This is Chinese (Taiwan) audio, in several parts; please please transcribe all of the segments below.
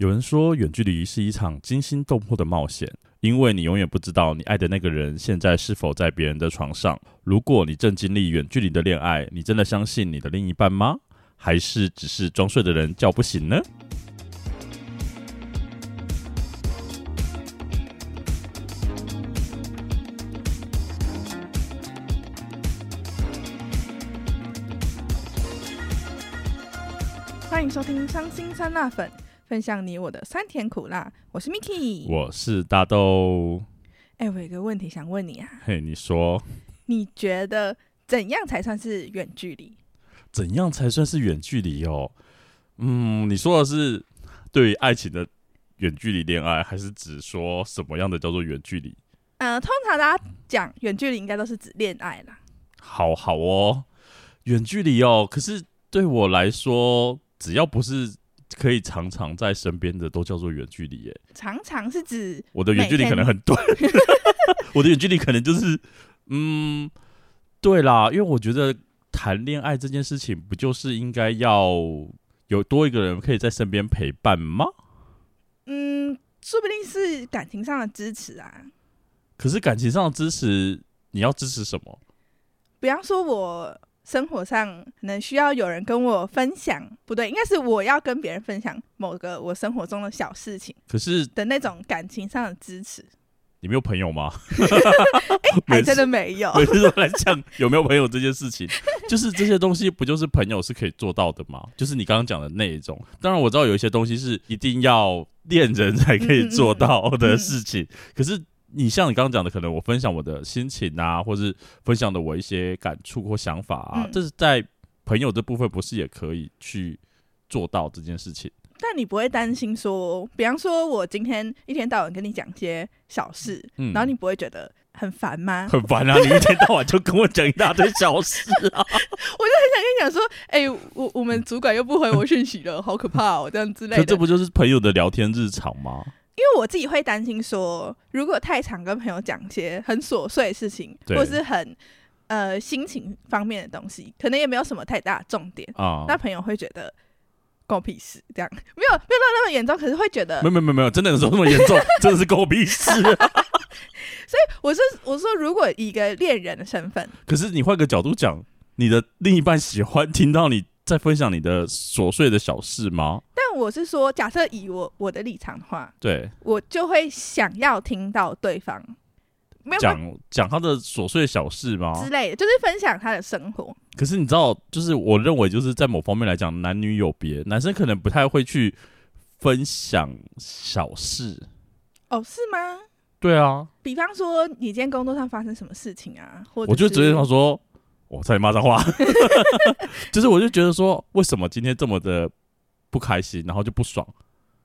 有人說，遠距離是一場驚心動魄的冒險，因為你永遠不知道你愛的那個人，現在是否在別人的床上。如果你正經歷遠距離的戀愛，你真的相信你的另一半嗎？還是只是裝睡的人叫不醒呢？歡迎收聽《傷心酸辣粉》。分享你我的酸甜苦辣，我是 Miki，我是大豆。哎、欸，我有個問題想問你啊。嘿，你說，你覺得怎樣才算是遠距離？怎樣才算是遠距離哦？嗯，你說的是對於愛情的遠距離戀愛，還是只說什麼樣的叫做遠距離？嗯、呃，通常大家講遠距離，應該都是指戀愛啦、嗯。好好哦，遠距離哦。可是對我來說，只要不是。可以常常在身邊的都叫做遠距離，欸、常常是指我的遠距離可能很短 我的遠距離可能就是，嗯，對啦，因為我覺得談戀愛這件事情不就是應該要有多一個人可以在身邊陪伴嗎？嗯，說不定是感情上的支持啊。可是感情上的支持，你要支持什麼？比方說我。生活上可能需要有人跟我分享，不對，應該是我要跟別人分享某個我生活中的小事情，可是的那種感情上的支持。你沒有朋友嗎？ 欸、還真的沒有，每就是來講有沒有朋友這件事情， 就是這些東西不就是朋友是可以做到的嗎？就是你剛剛講的那一種。當然我知道有一些東西是一定要戀人才可以做到的事情，嗯嗯嗯可是。你像你剛剛講的，可能我分享我的心情啊，或是分享的我一些感觸或想法啊，嗯，這是在朋友這部分，不是也可以去做到這件事情？但你不會擔心說，比方說我今天一天到晚跟你講些小事，嗯，然後你不會覺得很煩嗎？很煩啊！你一天到晚就跟我講一大堆小事啊！ 我就很想跟你講說，哎，欸，我我們主管又不回我訊息了， 好可怕哦，這樣之類的。這不就是朋友的聊天日常嗎？因為我自己會擔心說，如果太常跟朋友講些很瑣碎的事情，或是很呃心情方面的東西，可能也沒有什麼太大的重點，啊、那朋友會覺得狗屁事，這樣沒有沒有到那麼嚴重，可是會覺得沒有沒有沒有真的有說那麼嚴重， 真的是狗屁事，啊。 所以我是我說，如果以一個戀人的身份，可是你換個角度講，你的另一半喜歡聽到你在分享你的瑣碎的小事嗎？但我是說，假設以我我的立場的話，對我就會想要聽到對方講講他的瑣碎小事嗎？之類的，就是分享他的生活。可是你知道，就是我認為，就是在某方面來講，男女有別，男生可能不太會去分享小事。哦，是嗎？對啊，比方說，你今天工作上發生什麼事情啊？或者，我就直接說說。我插你媽髒話 就是我就覺得說，為什麼今天這麼的不開心，然後就不爽，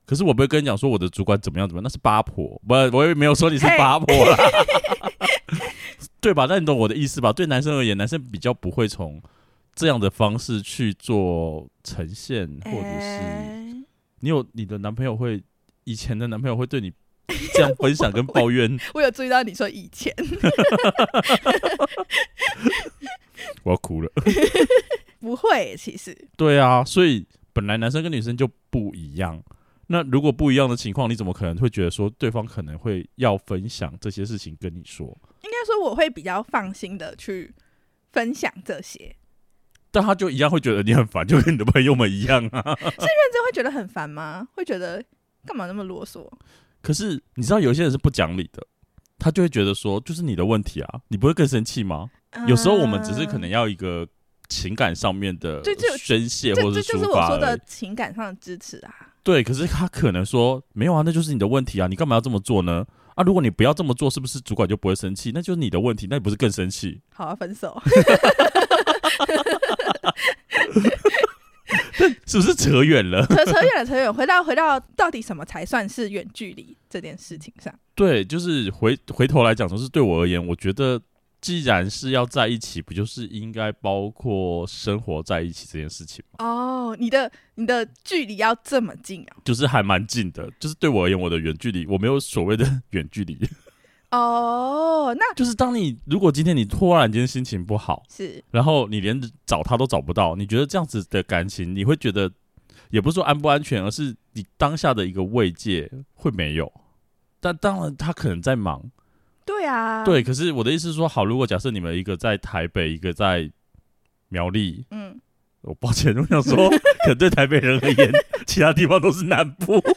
可是我不會跟你講說我的主管怎麼樣怎麼樣，那是八婆，不，我也沒有說你是八婆啦， 對吧？那你懂我的意思吧？對男生而言，男生比較不會從這樣的方式去做呈現，或者是你有你的男朋友會，以前的男朋友會對你這樣分享跟抱怨，我有注意到你說以前 我要哭了 不會，其實對啊，所以本來男生跟女生就不一樣，那如果不一樣的情況，你怎麼可能會覺得說對方可能會要分享這些事情跟你說？應該說我會比較放心的去分享這些 ，但他就一樣會覺得你很煩，就跟你的朋友們一樣啊， 是認真會覺得很煩嗎？會覺得幹嘛那麼囉嗦？可是你知道，有些人是不講理的，他就會覺得說，就是你的問題啊，你不會更生氣嗎？呃，有時候我們只是可能要一個情感上面的宣洩，或者就，就，就，就，就是我說的情感上的支持啊。對，可是他可能說，沒有啊，那就是你的問題啊，你幹嘛要這麼做呢？啊，如果你不要這麼做，是不是主管就不會生氣？那就是你的問題，那你不是更生氣？好啊，分手。 是不是扯遠了？扯扯遠了，扯遠。回到回到，到底什麼才算是遠距離這件事情上？對，就是回回頭來講，就是對我而言，我覺得既然是要在一起，不就是應該包括生活在一起這件事情嗎？哦，你的你的距離要這麼近啊？就是還蠻近的，就是對我而言，我的遠距離我沒有所謂的遠距離。哦，那就是當你如果今天你突然間心情不好，是，然後你連找他都找不到，你覺得這樣子的感情，你會覺得，也不是說安不安全，而是你當下的一個慰藉會沒有。但當然他可能在忙，對啊，對。可是我的意思是說，好，如果假設你們一個在台北，一個在苗栗，嗯，我抱歉，我想說，可能對台北人而言， 其他地方都是南部。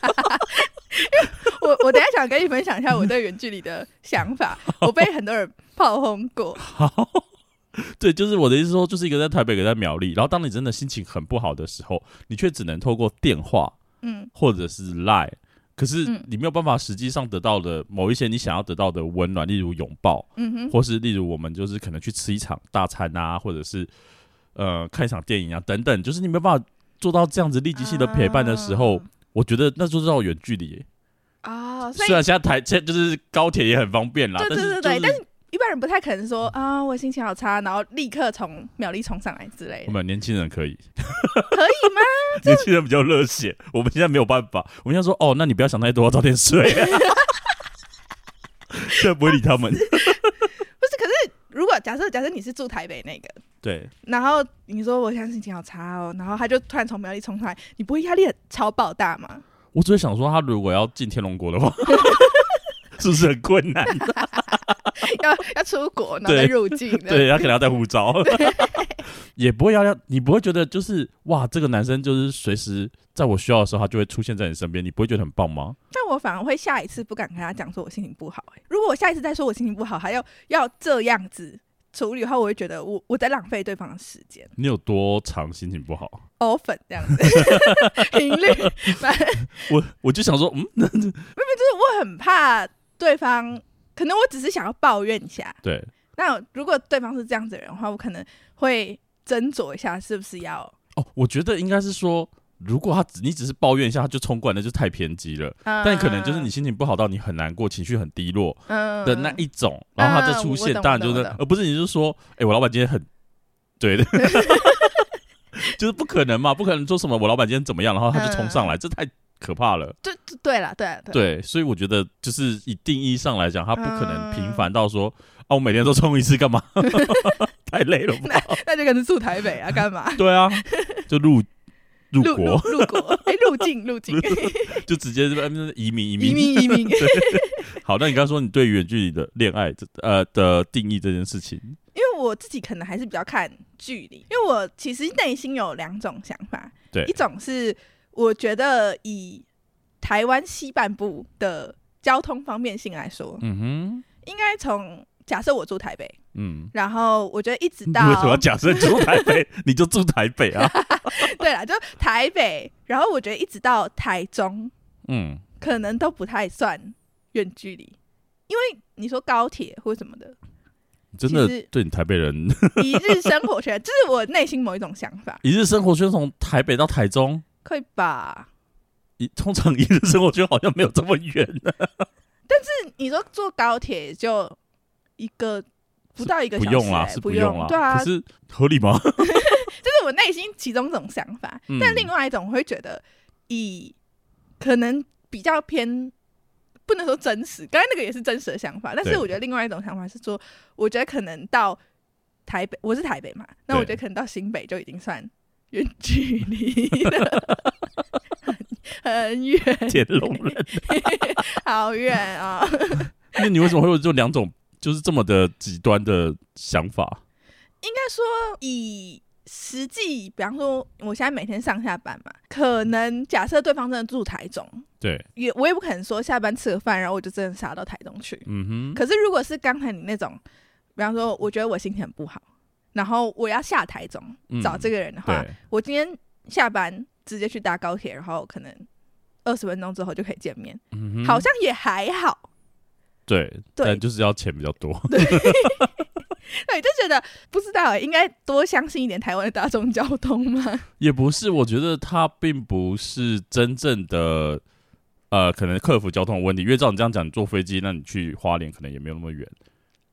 我我等一下想跟你分享一下我對遠距離的想法。 我被很多人炮轟過。好 對，就是我的意思說，就是一個在台北，一個在苗栗。然後，當你真的心情很不好的時候，你卻只能透過電話，嗯，或者是 Line，可是，你沒有辦法實際上得到的某一些你想要得到的溫暖，例如擁抱、嗯哼，或是例如我們就是可能去吃一場大餐啊，或者是呃看一場電影啊等等，就是你沒有辦法做到這樣子立即性的陪伴的時候，啊、我覺得那就是叫遠距離、欸。啊、哦，雖然現在台車就是高鐵也很方便啦，對對對對，但是、就是、但是一般人不太可能說、嗯、啊，我心情好差，然後立刻從苗栗衝上來之類的。我們年輕人可以，可以嗎？ 年輕人比較熱血，我們現在沒有辦法。我們現在說哦，那你不要想太多，多，早點睡、啊。這 不會理他們不。不是，可是如果假設假設你是住台北那個，對，然後你說我現在心情好差哦，然後他就突然從苗栗衝上來，你不會壓力超爆大嗎？我只是想說，他如果要進天龍國的話 是不是很困難？要 要出國，然後再入境，對，對，他可能要護照，也不會要要，你不會覺得就是哇，這個男生就是隨時在我需要的時候，他就會出現在你身邊，你不會覺得很棒嗎？ 但我反而會下一次不敢跟他講，說我心情不好、欸。哎，如果我下一次再說我心情不好，還要要這樣子。處理後，我會覺得我我在浪費對方的時間。你有多長心情不好？often 這樣子頻率， 我我就想說，嗯，那 不就是我很怕對方，可能我只是想要抱怨一下。對，那如果對方是這樣子的人的話，我可能會斟酌一下，是不是要哦？我覺得應該是說。如果他只，你只是抱怨一下，他就衝過來，那就太偏激了、嗯。但可能就是你心情不好到你很難過，情緒很低落的那一種，嗯、然後他就出現。嗯、當然就是，而不是你就說，哎、欸，我老闆今天很對的， 就是不可能嘛，不可能說什麼我老闆今天怎麼樣，然後他就衝上來、嗯，這太可怕了。就就對對了，對對，對，所以我覺得就是以定義上來講，他不可能頻繁到說、嗯、啊，我每天都衝一次幹嘛？ 太累了， 那那就可能住台北啊，幹嘛？ 對啊，就路。 入國，入，入，入國，哎、欸，入境，入境， 就直接移民，移民，移民，移民 對。好，那你剛剛說你對遠距離的戀愛這呃的定義這件事情，因為我自己可能還是比較看距離，因為我其實內心有兩種想法，對，一種是我覺得以台灣西半部的交通方便性來說，嗯哼，應該從。假設我住台北，嗯，然後我覺得一直到，你為什麼要假設你住台北？ 你就住台北啊？ 對了，就台北，然後我覺得一直到台中，嗯，可能都不太算遠距離，因為你說高鐵或什麼的，真的對你台北人 一日生活圈，這、就是我內心某一種想法。一日生活圈從台北到台中，可以吧？一通常一日生活圈好像沒有這麼遠， 但是你說坐高鐵就。一個不到一個小時，不用啊，是不用啊，對啊，是合理嗎？ 就是我內心其中一種想法，嗯、但另外一種我會覺得，以可能比較偏，不能說真實。剛才那個也是真實的想法，但是我覺得另外一種想法是說，我覺得可能到台北，我是台北嘛，那我覺得可能到新北就已經算遠距離了 很遠、欸， 天龍人，好遠啊、喔！那你為什麼會有這兩種？就是這麼的極端的想法，應該說以實際，比方說我現在每天上下班嘛，可能假設對方真的住台中，對，也我也不可能說下班吃個飯，然後我就真的殺到台中去、嗯，可是如果是剛才你那種，比方說我覺得我心情很不好，然後我要下台中、嗯、找這個人的話，我今天下班直接去搭高鐵，然後可能二十分鐘之後就可以見面，嗯、好像也還好。對，對，但就是要錢比較多對。 對，就覺得不知道應該多相信一點台灣的大眾交通嗎？也不是，我覺得它並不是真正的，呃，可能克服交通的問題。因為照你這樣講，坐飛機，那你去花蓮可能也沒有那麼遠。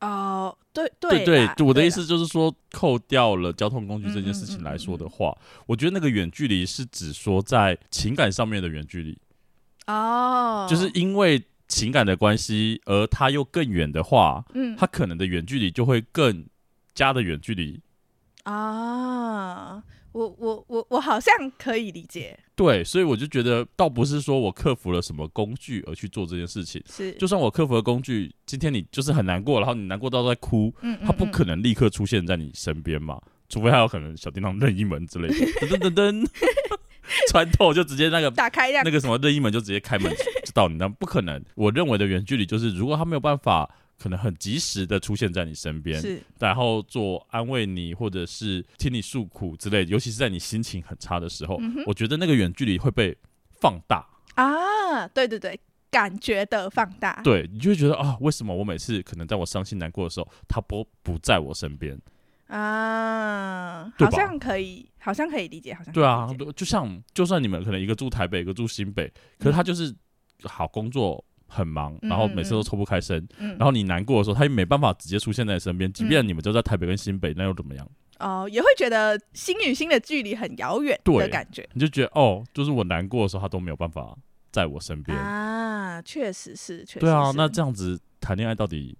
哦，對對對，我的意思就是說，扣掉了交通工具這件事情來說的話，嗯嗯嗯嗯，我覺得那個遠距離是指說在情感上面的遠距離。哦，就是因為。情感的關係，而他又更遠的話，嗯，他可能的遠距離就會更加的遠距離。啊，我我我我好像可以理解。對，所以我就覺得倒不是說我克服了什麼工具而去做這件事情。是，就算我克服了工具，今天你就是很難過，然後你難過到在哭，嗯嗯嗯，他不可能立刻出現在你身邊嘛，嗯嗯，除非他有可能小叮噹任意門之類的。等等等等 穿透就直接那個打開那個什麼任意門，就直接開門到你那，不可能。我認為的遠距離就是如果他沒有辦法可能很及時的出現在你身邊，然後做安慰你或者是聽你訴苦之類，尤其是在你心情很差的時候，我覺得那個遠距離會被放大啊，對對對，感覺的放大，對你就會覺得啊，為什麼我每次可能在我傷心難過的時候，他不不在我身邊。啊，好像可以，好像可以理解，好像可以理解，對啊，就像就算你們可能一個住台北，一個住新北，嗯、可是他就是好工作很忙，嗯嗯嗯，然後每次都抽不開身，嗯嗯，然後你難過的時候，他又沒辦法直接出現在身邊，嗯，即便你們就在台北跟新北，那又怎麼樣？嗯、哦，也會覺得心與心的距離很遙遠的感覺，對，你就覺得哦，就是我難過的時候，他都沒有辦法在我身邊啊，確實是，確實是，對啊，那這樣子談戀愛到底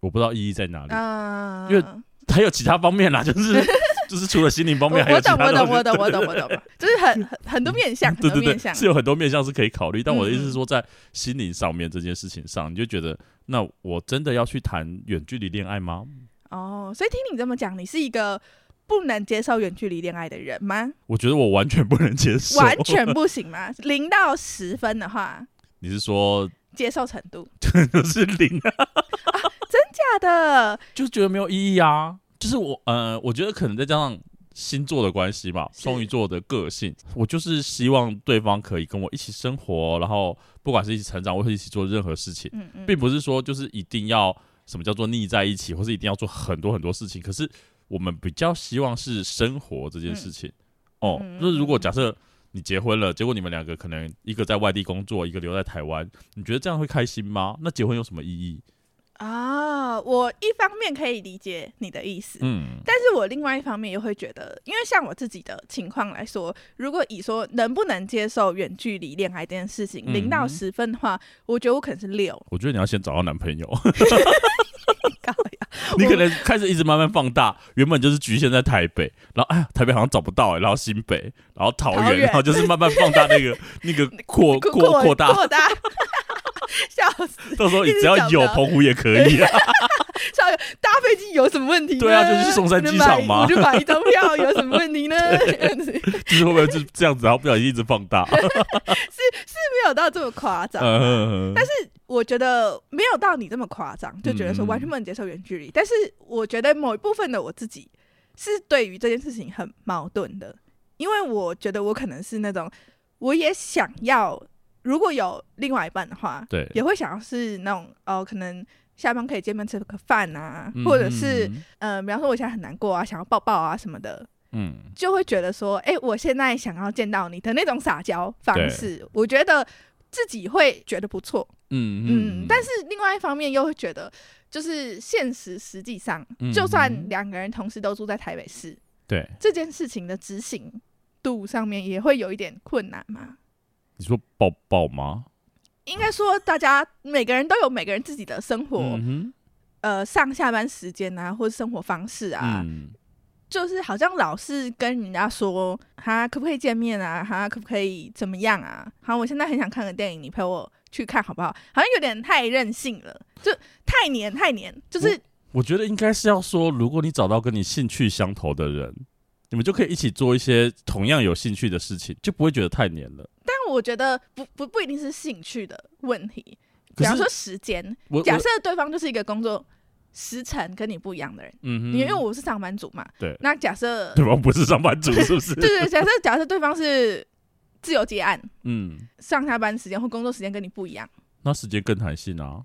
我不知道意義在哪裡啊，因為。還有其他方面啦，就是 就是除了心靈方面， 還有其他我。我懂，我懂，我懂，我懂，我懂。就是很 很多面向，很多面向是有很多面向是可以考慮、嗯。但我的意思是說，在心靈上面這件事情上，嗯、你就覺得那我真的要去談遠距離戀愛嗎？哦，所以聽你這麼講，你是一個不能接受遠距離戀愛的人嗎？我覺得我完全不能接受， 完全不行嗎？零到十分的話，你是說接受程度 是零、啊？ 大的就是覺得沒有意義啊，就是我呃，我覺得可能再加上星座的關係吧，雙魚座的個性，我就是希望對方可以跟我一起生活，然後不管是一起成長，或者一起做任何事情，嗯嗯，並不是說就是一定要什麼叫做膩在一起，或是一定要做很多很多事情。可是我們比較希望是生活這件事情、嗯、哦。就是如果假設你結婚了，嗯嗯嗯，結果你們兩個可能一個在外地工作，一個留在台灣，你覺得這樣會開心嗎？那結婚有什麼意義？啊、哦，我一方面可以理解你的意思，嗯，但是我另外一方面又會覺得，因為像我自己的情況來說，如果以說能不能接受遠距離戀愛這件事情，零到十分的話，嗯，我覺得我可能是六。我覺得你要先找到男朋友。 你可能開始一直慢慢放大，原本就是局限在台北，然後哎呀，台北好像找不到，欸，然後新北，然後桃園，然後就是慢慢放大那個 那個擴擴擴大，擴，擴大，笑，笑死！到時候只要有澎湖也可以啊。搭 飛機有什麼問題？對啊，就是去松山機場嘛你。我就買一張票，有什麼問題呢？就是會不會這這樣子，然後不小心一直放大？ 是是沒有到這麼誇張，嗯，但是。我覺得沒有到你這麼誇張，就覺得說完全不能接受遠距離、嗯。但是我覺得某一部分的我自己是對於這件事情很矛盾的，因為我覺得我可能是那種，我也想要如果有另外一半的話，對，也會想要是那種哦，可能下班可以見面吃個飯啊，嗯嗯，或者是嗯、呃，比方說我現在很難過啊，想要抱抱啊什麼的，嗯，就會覺得說，哎、欸，我現在想要見到你的那種撒嬌方式，我覺得。自己會覺得不錯，嗯，嗯，但是另外一方面又會覺得，就是現實實際上，嗯，就算兩個人同時都住在台北市，對，這件事情的執行度上面也會有一點困難嘛。你說抱抱嗎？應該說，大家每個人都有每個人自己的生活，嗯，呃，上下班時間啊，或者生活方式啊。嗯就是好像老是跟人家說，他可不可以見面啊？他可不可以怎麼樣啊？好，我現在很想看個電影，你陪我去看好不好？好像有點太任性了，就太黏太黏，就是。我，我覺得應該是要說，如果你找到跟你興趣相投的人，你們就可以一起做一些同樣有興趣的事情，就不會覺得太黏了。但我覺得不不不，不一定是興趣的問題，比方說時間，假設對方就是一個工作。時程跟你不一樣的人、嗯，因為我是上班族嘛，對。那假設對方不是上班族，是不是？對 對、就是，假設假設對方是自由接案，嗯，上下班時間或工作時間跟你不一樣，那時間更彈性啊。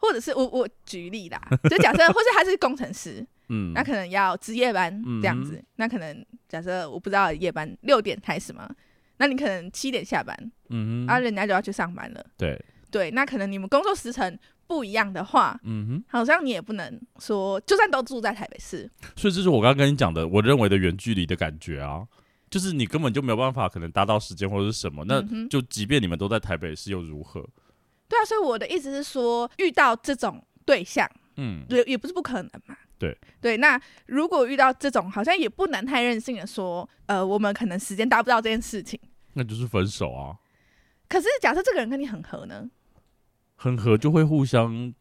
或者是我我舉例啦，就 假設，或者他是工程師， 嗯，那可能要值夜班這樣子，那可能假設我不知道夜班六點開始嗎？那你可能七點下班，嗯，啊，人家就要去上班了，對，對，那可能你們工作時程，不一樣的話，嗯哼，好像你也不能說，就算都住在台北市，所以這是我剛剛跟你講的，我認為的遠距離的感覺啊，就是你根本就沒有辦法，可能搭到時間或者是什麼，那就即便你們都在台北市又如何？嗯，對啊，所以我的意思是說，遇到這種對象，嗯，也也不是不可能嘛。對對，那如果遇到這種，好像也不能太任性的說，呃，我們可能時間搭不到這件事情，那就是分手啊。可是假設這個人跟你很合呢？很合就會互相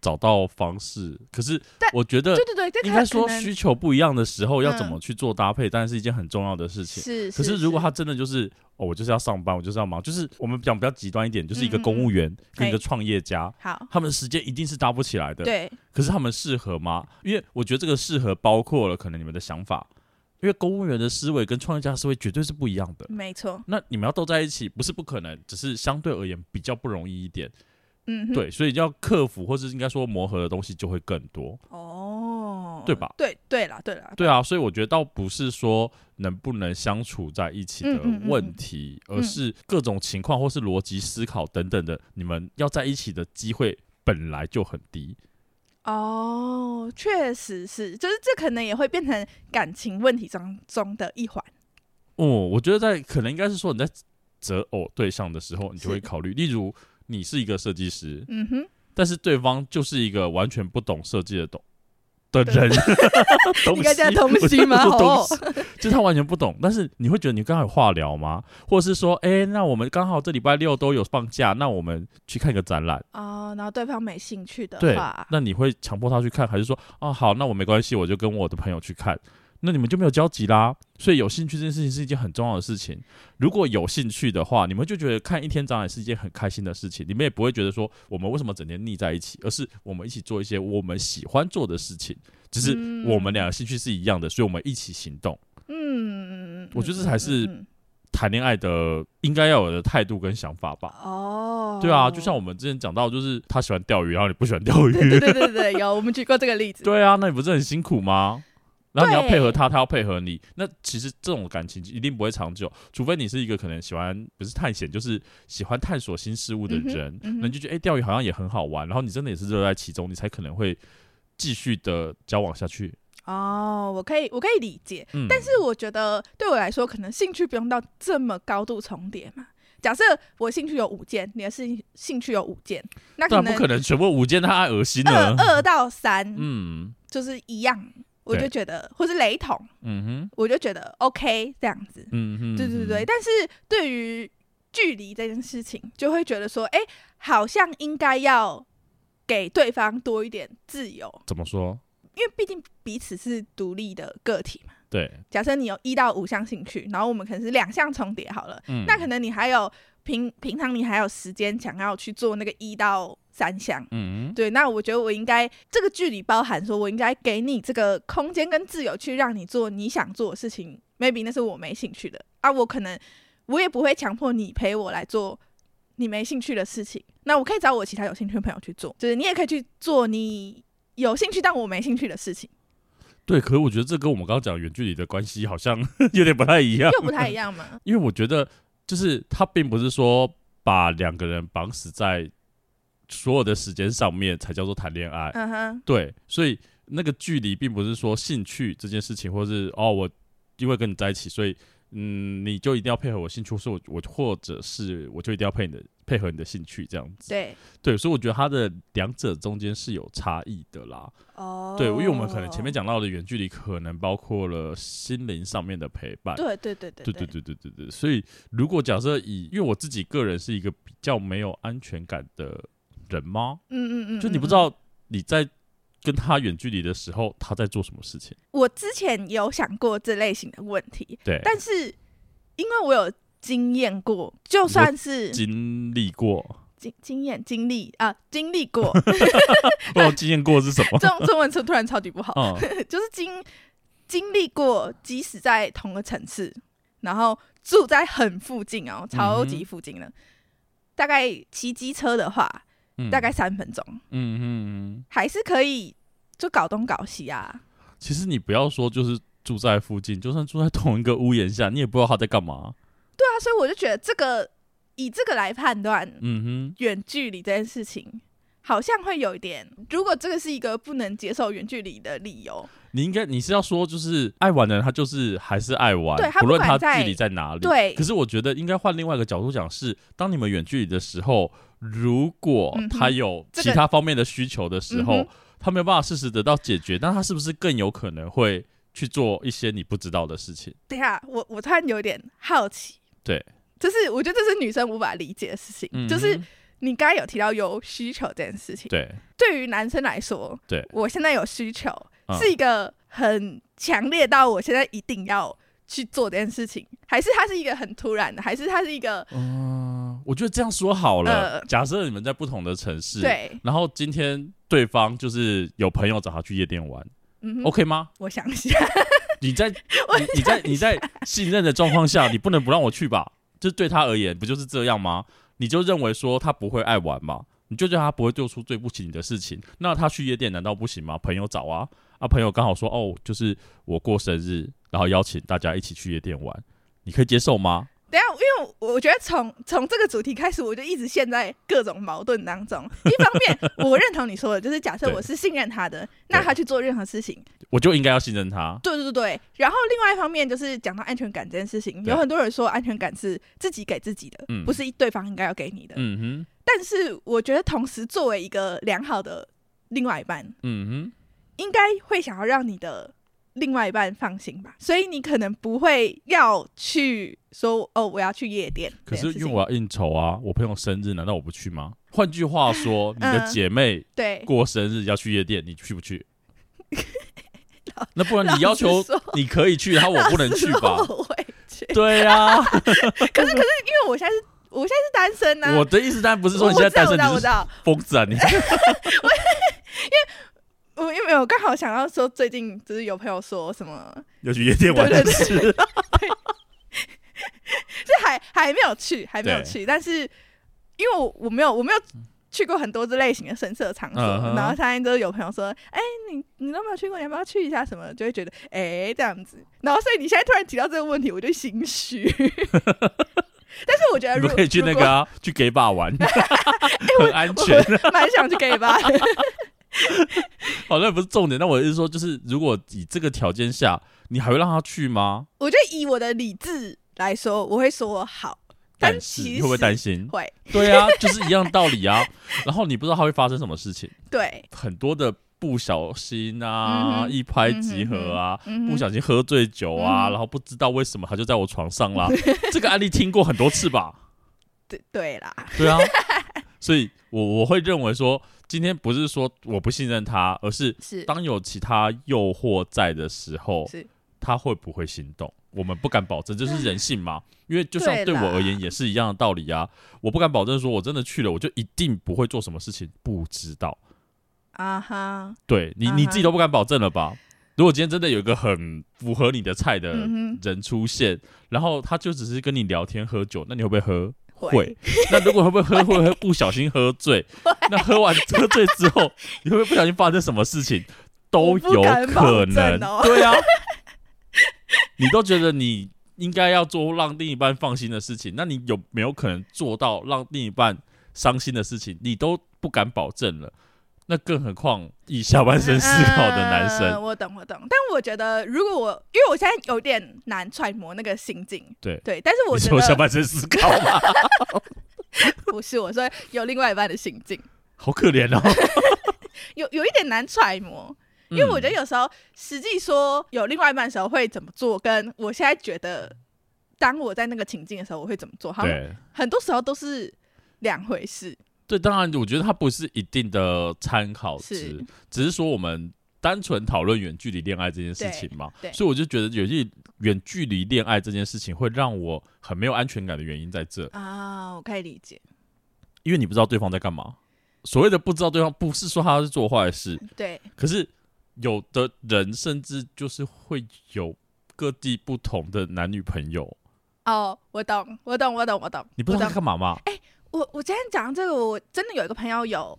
找到方式，可是我覺得，對對對，應該說需求不一樣的時候要怎麼去做搭配，當然是一件很重要的事情。是，是，可是如果他真的就是，哦，我就是要上班，我就是要忙，就是我們講比較極端一點，就是一個公務員跟一個創業家嗯嗯、欸，好，他們的時間一定是搭不起來的。對。可是他們適合嗎？因為我覺得這個適合包括了可能你們的想法，因為公務員的思維跟創業家思維絕對是不一樣的。沒錯。那你們要鬥在一起不是不可能，只是相對而言比較不容易一點。嗯、對，所以要克服或是應該說磨合的東西就會更多哦，對吧？對，對，對啦，對啦，對啊，所以我覺得倒不是說能不能相處在一起的問題，嗯嗯嗯嗯，而是各種情況或是邏輯思考等等的、嗯，你們要在一起的機會本來就很低。哦，確實是，就是這可能也會變成感情問題當中的一環。哦、嗯，我覺得在可能應該是說你在擇偶對象的時候，你就會考慮，例如，你是一個設計師，嗯哼，但是對方就是一個完全不懂設計的懂的人，應該叫同心嗎？ 好， 就是他完全不懂， 但是你會覺得你剛好有話聊嗎？或者是說，哎、欸，那我們剛好這禮拜六都有放假，那我們去看一個展覽啊、呃？然後對方沒興趣的話，對那你會強迫他去看，還是說，啊，好，那我沒關係，我就跟我的朋友去看。那你們就沒有交集啦，所以有興趣這件事情是一件很重要的事情。如果有興趣的話，你們就覺得看一天展覽是一件很開心的事情，你們也不會覺得說我們為什麼整天膩在一起，而是我們一起做一些我們喜歡做的事情。只是我們兩個興趣是一樣的，所以我們一起行動。嗯，我覺得這才是談戀愛的應該要有的態度跟想法吧。哦，對啊，就像我們之前講到，就是他喜歡釣魚，然後你不喜歡釣魚、嗯， 對對對對，對有，有我們舉過這個例子。 對啊，那你不是很辛苦嗎？然後你要配合他，他要配合你。那其實這種感情一定不會長久，除非你是一個可能喜歡不是探險，就是喜歡探索新事物的人，嗯嗯、那你就覺得哎，釣、欸、魚好像也很好玩。然後你真的也是樂在其中，你才可能會繼續的交往下去。哦，我可以，我可以理解、嗯。但是我覺得對我來說，可能興趣不用到這麼高度重疊嘛。假設我興趣有五件，你的是興趣有五件，那不可能全部五件，那噁心了。二到三，嗯，就是一樣。我就覺得，或是雷同，嗯哼，我就覺得 OK 這樣子，嗯哼，嗯哼，對對對，但是對於距離這件事情，就會覺得說，哎、欸，好像應該要給對方多一點自由。怎麼說？因為畢竟彼此是獨立的個體嘛。對。假設你有一到五項興趣，然後我們可能是兩項重疊好了、嗯，那可能你還有平平常你還有時間想要去做那個一到。三項，嗯對，那我覺得我應該這個距離包含說，我應該給你這個空間跟自由，去讓你做你想做的事情。Maybe 那是我沒興趣的啊，我可能我也不會強迫你陪我來做你沒興趣的事情。那我可以找我其他有興趣的朋友去做，就是你也可以去做你有興趣但我沒興趣的事情。對，可是我覺得這跟我們剛剛講遠距離的關係好像 有點不太一樣，又不太一樣嘛。 因為我覺得就是他並不是說把兩個人綁死在。所有的時間上面才叫做談戀愛，嗯哼，對，所以那個距離並不是說興趣這件事情，或是哦，我因為跟你在一起，所以嗯，你就一定要配合我興趣，是我我或者是我就一定要配你的配合你的興趣這樣子，對,對所以我覺得它的兩者中間是有差異的啦，哦，對，因為我們可能前面講到的遠距離可能包括了心靈上面的陪伴，對對對對,對,對，對對對,對,對對對，所以如果假設以因為我自己個人是一個比較沒有安全感的。人嗎？嗯嗯，嗯嗯嗯，就你不知道你在跟他遠距離的時候他在做什麼事情？我之前有想過這類型的問題，對，但是因為我有經驗過，就算是經歷過，經經驗經歷啊，經歷過不知道經驗過是什麼？ 這種中文詞，突然超級不好，嗯、 就是經經歷過，即使在同個層次，然後住在很附近哦，超級附近的，嗯、大概騎機車的話。嗯、大概三分鐘，嗯嗯，還是可以就搞東搞西啊。其實你不要說，就是住在附近，就算住在同一個屋檐下，你也不知道他在幹嘛。對啊，所以我就覺得這個以這個來判斷，嗯哼，遠距離這件事情好像會有一點。如果這個是一個不能接受遠距離的理由。你應該你是要說，就是愛玩的人，他就是還是愛玩，對，不論他距離在哪裡。對，可是我覺得應該換另外一個角度講，是當你們遠距離的時候，如果他有其他方面的需求的時候，嗯這個嗯、他沒有辦法適時得到解決，嗯，那他是不是更有可能會去做一些你不知道的事情？等一下，我我突然有點好奇，對，就是我覺得這是女生無法理解的事情，嗯、就是你剛才有提到有需求這件事情，對，對於男生來說，對我現在有需求。是一個很強烈到我現在一定要去做這件事情，還是他是一個很突然的，還是他是一個、嗯……我覺得這樣說好了。呃、假設你們在不同的城市，對，然後今天對方就是有朋友找他去夜店玩，嗯，OK 嗎？我想一下 我想一下 你，你在你在你在信任的狀況下，下 你不能不讓我去吧？就對他而言，不就是這樣嗎？你就認為說他不會愛玩嘛？你就叫他不會做出對不起你的事情，那他去夜店難道不行嗎？朋友找啊。啊，朋友剛好說哦，就是我過生日，然後邀請大家一起去夜店玩，你可以接受嗎？等一下，因為我覺得從從這個主題開始，我就一直陷在各種矛盾當中。一方面， 我認同你說的，就是假設我是信任他的，那他去做任何事情，我就應該要信任他。對對對對。然後另外一方面，就是講到安全感這件事情，有很多人說安全感是自己給自己的，不是對方應該要給你的。嗯哼。但是我覺得，同時作為一個良好的另外一半，嗯哼。應該會想要讓你的另外一半放心吧，所以你可能不會要去說哦，我要去夜店。可是因為我要應酬啊，我朋友生日難道我不去嗎？換句話說，你的姐妹對過生日要去夜店，你去不去？嗯、那不然你要求你可以去，然後我不能去吧？去對呀、啊。 可是可是，因為我現在是，我現在是單身呢、啊。我的意思，當然不是說你現在單身，知道知道知道你是瘋子啊你？ 因為。我因為我剛好想到說，最近就是有朋友說什麼有去夜店玩的事，對對對 還還沒有去，還沒有去。但是因為我，我沒有我沒有去過很多這類型的聲色場所，嗯，然後現在都有朋友說：“哎、嗯，欸，你你都沒有去過？你要不要去一下？”什麼就會覺得哎、欸、這樣子。然後所以你現在突然提到這個問題，我就心虛。 但是我覺得如果你可以去那個、啊、去 gay bar 玩、 欸，很安全，蠻想去 gay bar。 好，那不是重點。那我的意思說，就是如果以這個條件下，你還會讓他去嗎？我覺得以我的理智來說，我會說我好。但是但會你會不會擔心？會。對啊，就是一樣道理啊。 然後你不知道他會發生什麼事情。對。很多的不小心啊，嗯、一拍即合啊、嗯嗯，不小心喝醉酒啊，嗯、然後不知道為什麼他就在我床上了。 這個案例聽過很多次吧？ 對對啦。對啊。所以我，我我會認為說，今天不是說我不信任他，而是當有其他誘惑在的時候，他會不會心動？我們不敢保證，這是，就是人性嘛。因為就像對我而言也是一樣的道理啊！我不敢保證說，我真的去了，我就一定不會做什麼事情。不知道啊哈，uh -huh, 對你、uh -huh. 你自己都不敢保證了吧？如果今天真的有一個很符合你的菜的人出現，uh -huh. 然後他就只是跟你聊天喝酒，那你會不會喝？會，那如果會不會喝，會不會不小心喝醉？那喝完喝醉之後， 你會不會不小心發生什麼事情都有可能，哦、對啊。 你都覺得你應該要做讓另一半放心的事情，那你有沒有可能做到讓另一半傷心的事情？你都不敢保證了。那更何況以下半身思考的男生。嗯，我懂我懂，但我覺得如果我，因為我現在有點難揣摩那個心境，對對，但是我覺得下半身思考嘛， 不是我說有另外一半的心境，好可憐哦， 有有一點難揣摩。嗯，因為我覺得有時候實際說有另外一半的時候會怎麼做，跟我現在覺得當我在那個情境的時候我會怎麼做，哈，很多時候都是兩回事。對，當然，我覺得它不是一定的參考值，只是說我們單純討論遠距離戀愛這件事情嘛。所以我就覺得，有些遠距離戀愛這件事情會讓我很沒有安全感的原因在這啊，我可以理解，因為你不知道對方在幹嘛。所謂的不知道對方，不是說他是做壞事，對。可是有的人甚至就是會有各地不同的男女朋友。哦，我懂，我懂，我懂，我懂。我懂你不知道他在幹嘛嗎？我我今天講這個，我真的有一個朋友有，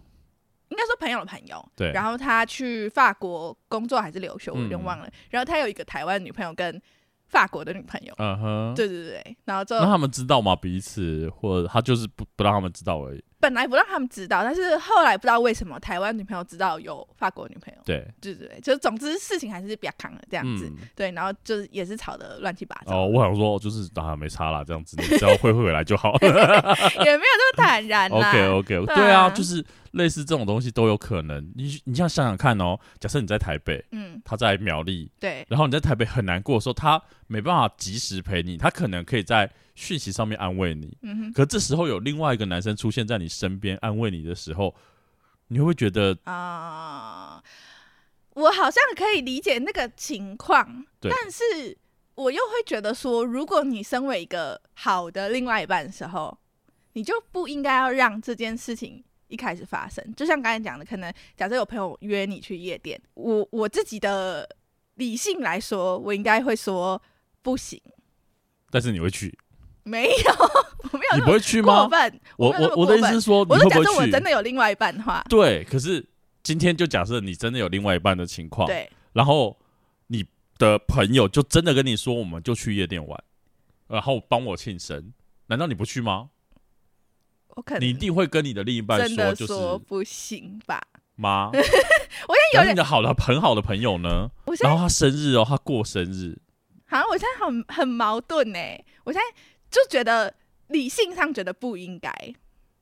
應該說朋友的朋友，對，然後他去法國工作還是留學，我有點忘了，嗯。然後他有一個台灣女朋友跟法國的女朋友，嗯哼，uh-huh，對對對，然後就讓他們知道嗎？彼此，或者他就是不不讓他們知道而已。本來不讓他們知道，但是後來不知道為什麼台灣女朋友知道有法國女朋友，對，對，就是、對，就是總之事情還是比較扛的這樣子，嗯，對，然後就是也是吵得亂七八糟。哦，我想說、哦、就是當然、啊、沒差啦，這樣子，你只要會回，回來就好， 也沒有這麼坦然。OK OK，對啊，對，啊對啊，就是類似這種東西都有可能。你你像想想看哦，假設你在台北，嗯，他在苗栗，對，然後你在台北很難過的時候，他沒辦法及時陪你，他可能可以在。訊息上面安慰你、嗯哼，可這時候有另外一個男生出現在你身邊安慰你的時候，你會不會覺得啊、呃？我好像可以理解那個情況，對。但是我又會覺得說，如果你身為一個好的另外一半的時候，你就不應該要讓這件事情一開始發生。就像剛才講的，可能假設有朋友約你去夜店，我我自己的理性來說，我應該會說不行。但是你會去。沒有，我沒有。你不會去嗎？我我我，我的意思是說，如果是我真的有另外一半的話，對。可是今天就假設你真的有另外一半的情況，對。然後你的朋友就真的跟你說，我們就去夜店玩，然後幫我慶生，難道你不去嗎？我肯，你一定會跟你的另一半說，就是說不行吧？媽， 我現在有。你的好的很好的朋友呢，然後他生日哦、喔，他過生日。好，我現在很很矛盾哎、欸，我現在。就覺得理性上覺得不應該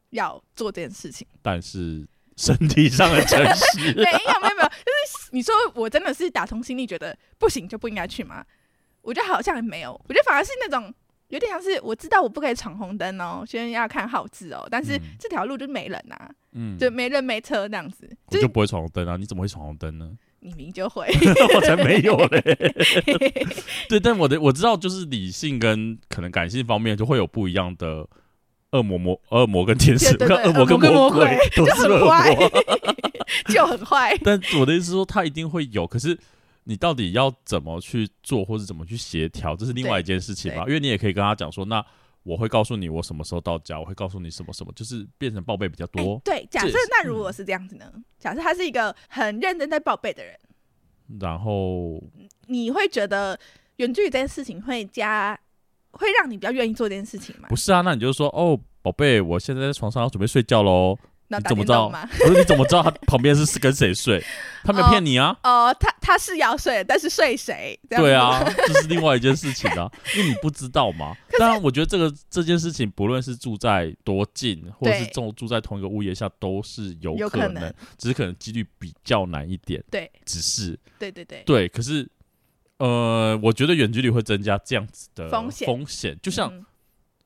要做這件事情，但是身體上的誠實 沒有沒有沒有，就 是你說我真的是打從心裡覺得不行就不應該去嘛， 我覺得好像也沒有，我覺得反而是那種有點像是我知道我不可以闖紅燈哦，先要看號誌哦，但是這條路就沒人吶、啊嗯，就沒人沒車這樣子，我就不會闖紅燈啊、就是，你怎麼會闖紅燈呢？你明，明就會， 我才沒有嘞。 對，但我的我知道，就是理性跟可能感性方面就會有不一樣的惡魔魔，惡魔跟天使，惡魔跟魔鬼都是壞，就很壞，就很壞。 但我的意思是說，他一定會有。可是你到底要怎麼去做，或是怎麼去協調，這是另外一件事情吧？因為你也可以跟他講說，那。我會告訴你我什麼時候到家，我會告訴你什麼什麼，就是變成報備比較多。欸、對，假設那如果是這樣子呢？嗯、假設他是一個很認真在報備的人，然後你會覺得遠距離這件事情會加，會讓你比較願意做這件事情嗎？不是啊，那你就說哦，寶貝，我現在在床上要準備睡覺嘍。你怎麼知道？不 是你怎麼知道他旁邊是跟誰睡？他沒有騙你啊？哦，哦他他是要睡，但是睡誰？對啊，這、就是另外一件事情啊， 因為你不知道嘛。當然，我覺得這個這件事情，不論是住在多近，或者是住住在同一個屋簷下，都是有可能，只是可能幾率比較難一點。對，只是對對對對。可是，呃，我覺得遠距離會增加這樣子的風險，風險就像。嗯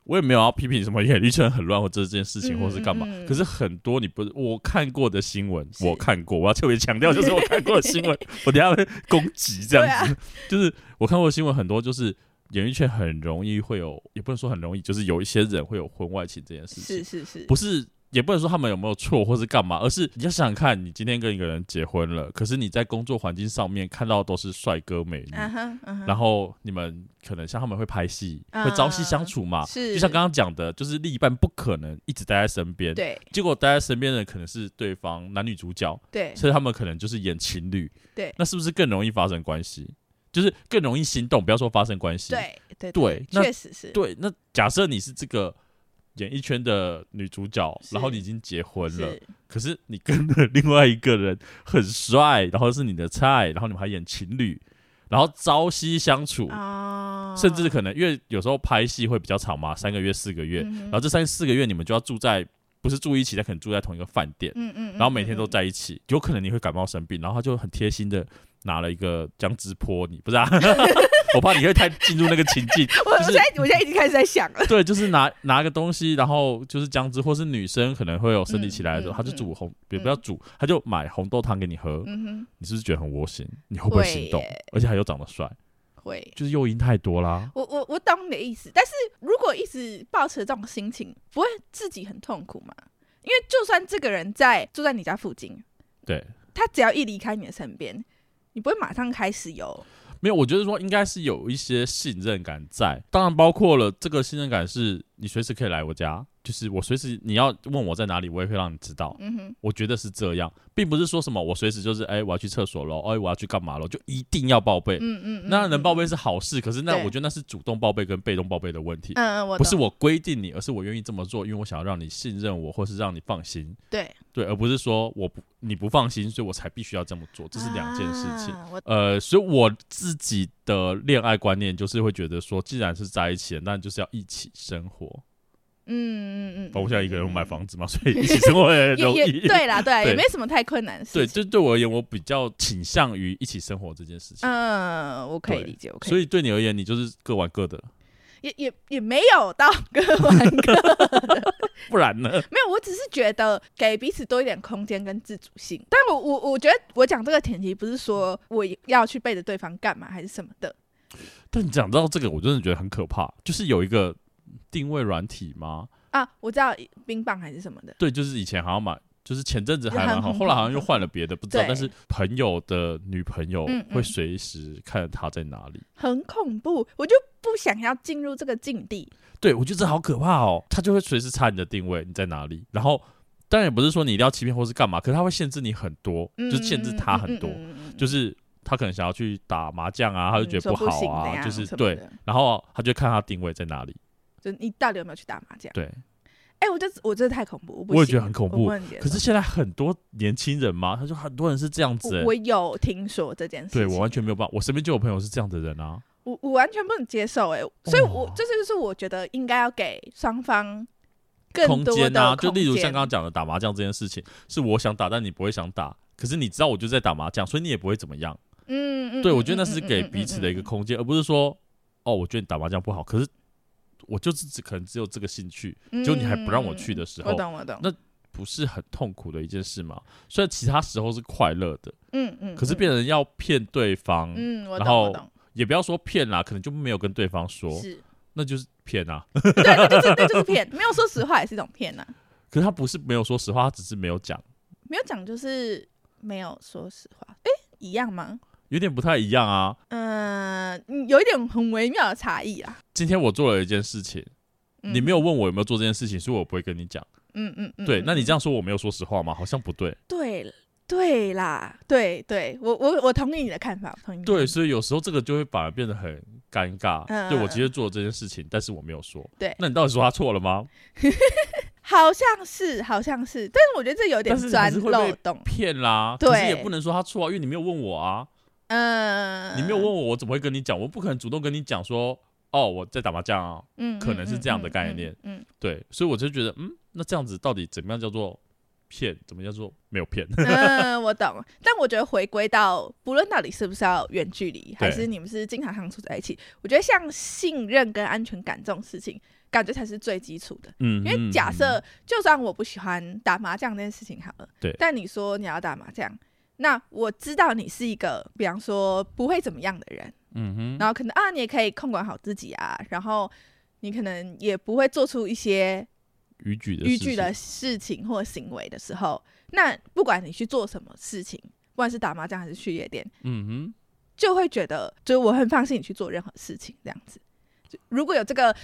我也沒有要批評什麼，演藝圈很亂，或者這是這件事情，或是幹嘛。可是很多你不是我看過的新聞，我看過。我要特別強調，就是我看過的新聞，我等下會攻擊這樣子。就是我看過的新聞很多，就是演藝圈很容易會有，也不能說很容易，就是有一些人會有婚外情這件事情。是是是，不是。也不能說他們有沒有錯，或是幹嘛，而是你要想想看，你今天跟一個人結婚了，可是你在工作環境上面看到的都是帥哥美女，uh-huh, uh-huh. 然後你們可能像他們會拍戲，uh-huh. 會朝夕相處嘛，uh-huh. 就像剛剛講的，就是另一半不可能一直待在身邊，結果待在身邊的可能是對方男女主角，所以他們可能就是演情侶，那是不是更容易發生關係？就是更容易心動，不要說發生關係，對對，對，對，對那確實是，對，那假設你是這個。演藝圈的女主角，然後你已經結婚了，可是你跟了另外一個人很帥，然後是你的菜，然後你們還演情侶，然後朝夕相處，哦、甚至可能因為有時候拍戲會比較長嘛，三個月、四個月，嗯嗯，然後這三四個月你們就要住在，不是住一起，但可能住在同一個飯店，嗯嗯嗯嗯，然後每天都在一起，有可能你會感冒生病，然後他就很貼心的拿了一個薑汁潑你，不是啊？ 我怕你會太進入那個情境， 我，就是、我現在我現在已經開始在想了。 對，就是拿拿個東西，然後就是薑汁或是女生可能會有生理期來的時候，嗯、他就煮紅，不、嗯、要不要煮、嗯，他就買紅豆湯給你喝。嗯哼，你是不是覺得很窩心？你會不會心動會？而且他又長得帥，會，就是誘因太多啦。我我我懂你的意思，但是如果一直抱持這種心情，不會自己很痛苦嘛？因為就算這個人在住在你家附近，對，他只要一離開你的身邊，你不會馬上開始有。沒有，我覺得說應該是有一些信任感在，當然包括了這個信任感是。你隨時可以來我家，就是我隨時你要問我在哪裡，我也會讓你知道。嗯哼，我覺得是這樣，並不是說什麼我隨時就是哎、欸、我要去廁所嘍，哎、欸、我要去幹嘛嘍，就一定要報備。嗯嗯,嗯,嗯嗯，那能報備是好事，可是那我覺得那是主動報備跟被動報備的問題。嗯,嗯不是我規定你，而是我願意這麼做，因為我想要讓你信任我，或是讓你放心。對對，而不是說我不你不放心，所以我才必須要這麼做，這是兩件事情。啊、呃，所以我自己的戀愛觀念就是會覺得說，既然是在一起的，那就是要一起生活。嗯嗯嗯，包括現在一個人買房子嘛，嗯、所以一起生活也容易也，也對，啦對啦，對，也沒什麼太困難的事情。對，就對我而言，我比較傾向於一起生活這件事情。嗯，我可以理解，我可以。所以對你而言，你就是各玩各的。也也也沒有到各玩各的， 不然呢？沒有，我只是覺得給彼此多一點空間跟自主性。但我我我覺得，我講這個前提不是說我要去背着對方幹嘛還是什麼的。但你講到這個，我真的覺得很可怕，就是有一個。定位軟體嗎？啊，我知道冰棒還是什麼的。對，就是以前好像買，就是前陣子還蠻好，後來好像又換了別的，不知道。但是朋友的女朋友會隨時看他在哪裡，很恐怖。我就不想要進入這個境地。對，我覺得這好可怕哦、喔。他就會隨時查你的定位，你在哪裡？然後當然也不是說你一定要欺騙或是幹嘛，可是他會限制你很多，嗯嗯，就是限制他很多嗯嗯嗯嗯。就是他可能想要去打麻將啊，他就覺得不好啊，嗯、啊就是對。然後他就看他定位在哪裡。就你到底有沒有去打麻將？對，哎、欸，我這我真的太恐怖我不，我也覺得很恐怖。可是現在很多年輕人嘛，他說很多人是這樣子、欸我。我有聽說這件事，對我完全沒有辦法。我身邊就有朋友是這樣的人啊，我我完全不能接受哎、欸哦。所以我，我這就是我覺得應該要給雙方更多空間啊。就例如像剛剛講的打麻將這件事情，是我想打，但你不會想打。可是你知道我就在打麻將，所以你也不會怎麼樣。嗯嗯，對我覺得那是給彼此的一個空間、嗯嗯嗯嗯嗯嗯嗯，而不是說哦，我覺得你打麻將不好，可是。我就是只可能只有這個興趣，就、嗯、你還不讓我去的時候，嗯、我懂我懂，那不是很痛苦的一件事嘛？所以其他時候是快樂的、嗯嗯，可是變成要騙對方、嗯，然後也不要說騙啦、嗯說啦，可能就沒有跟對方說，那就是騙啦、啊。對，對對，就是騙，是 沒有說實話也是一種騙吶、啊。可是他不是沒有說實話，他只是沒有講，沒有講就是沒有說實話，哎、欸，一樣嗎？有點不太一樣啊，嗯、呃，有一點很微妙的差異啊。今天我做了一件事情、嗯，你沒有問我有沒有做這件事情，所以我不會跟你講。嗯嗯，嗯嗯，對，那你這樣說我沒有說實話嗎？好像不對。對對啦，對對，我我我同意你的看法，同意。對，所以有時候這個就會反而變得很尷尬。嗯、對我其實做了這件事情，但是我沒有說。對，那你到底說他錯了嗎？ 好像是，好像是，但是我覺得這有點鑽漏洞，騙啦。對，可是也不能說他錯啊，因為你沒有問我啊。嗯，你沒有問我，我怎麼會跟你講？我不可能主動跟你講說，哦，我在打麻將啊。嗯，可能是這樣的概念。嗯，嗯，嗯，嗯。嗯，對，所以我就覺得，嗯，那這樣子到底怎麼樣叫做騙？怎麼叫做沒有騙？嗯， 我懂。但我覺得回歸到，不論到底是不是要遠距離，還是你們是經常相處在一起，我覺得像信任跟安全感這種事情，感覺才是最基礎的。嗯，因為假設就算我不喜歡打麻將這件事情好了，對，但你說你要打麻將。那我知道你是一個，比方說不會怎麼樣的人，嗯哼，然後可能啊，你也可以控管好自己啊，然後你可能也不會做出一些逾矩的逾矩的事情或行為的時候，那不管你去做什麼事情，不管是打麻將還是去夜店，嗯哼，就會覺得就是我很放心你去做任何事情，這樣子，如果有這個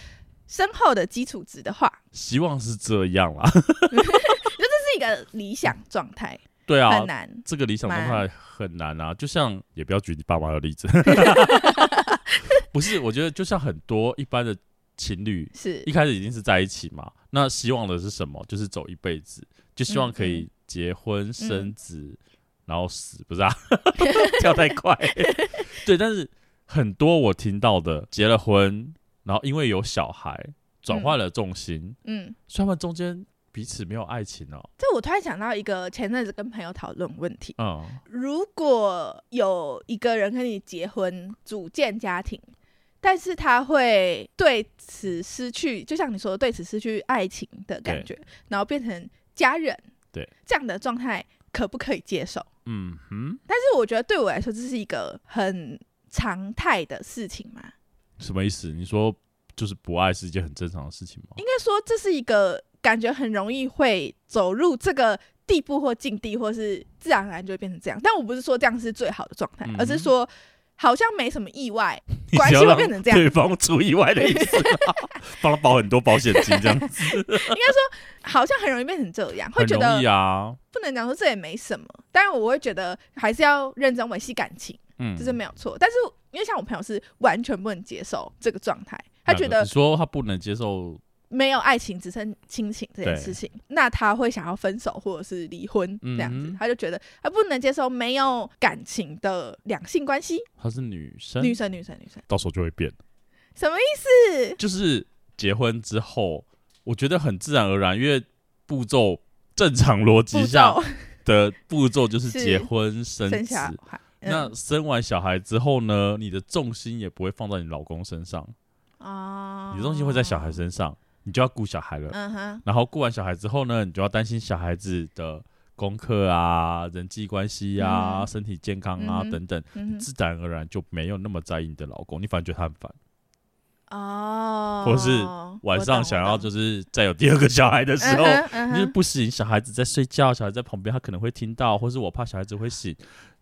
深厚的基礎值的話，希望是這樣啦， 這是一個理想狀態。對啊，這個理想狀態很難啊，就像也不要舉你爸媽的例子， 不是，我覺得就像很多一般的情侶，一開始已經是在一起嘛，那希望的是什麼？就是走一輩子，就希望可以結婚、嗯、生子、嗯，然後死。不是啊？ 跳太快、欸， 對。但是很多我聽到的，結了婚，然後因為有小孩，轉、嗯、換了重心，嗯，嗯，所以他們中間。彼此沒有愛情哦。這我突然想到一個前陣子跟朋友討論問題。嗯，如果有一個人跟你結婚組建家庭，但是他會對此失去，就像你說的，對此失去愛情的感覺，然後變成家人，對這樣的狀態可不可以接受？嗯哼。但是我覺得對我來說，這是一個很常態的事情嘛。什麼意思？你說就是不愛是一件很正常的事情嗎？應該說這是一個。感覺很容易會走入這個地步或境地，或是自然而然就會變成這樣。但我不是說這樣是最好的狀態，嗯，而是說好像沒什麼意外，關係會變成這樣，對方出意外的意思，幫 他保很多保險金這樣子。 應該說，好像很容易變成這樣，會覺得、啊，不能講說這也沒什麼。當然，我會覺得還是要認真維繫感情，嗯，這是沒有錯。但是因為像我朋友是完全不能接受這個狀態，他覺得你說他不能接受沒有愛情，只剩親情這件事情，那他會想要分手或者是離婚、嗯、這樣子，他就覺得他不能接受沒有感情的兩性關係。她是女生，女生，女生，女生，到時候就會變。什麼意思？就是結婚之後，我覺得很自然而然，因為步驟正常邏輯下的步驟就是結婚生小孩。 那生完小孩之後呢，你的重心也不會放在你老公身上啊、哦，你的重心會在小孩身上。你就要顧小孩了，嗯、然後顧完小孩之後呢，你就要擔心小孩子的功課啊、人際關係啊、嗯、身體健康啊、嗯、等等，嗯、你自然而然就沒有那麼在意你的老公，你反而覺得他很煩。哦，或是晚上想要就是再有第二個小孩的時候，我等我等你就不行，小孩子在睡覺，小孩子在旁邊，他可能會聽到，或是我怕小孩子會醒，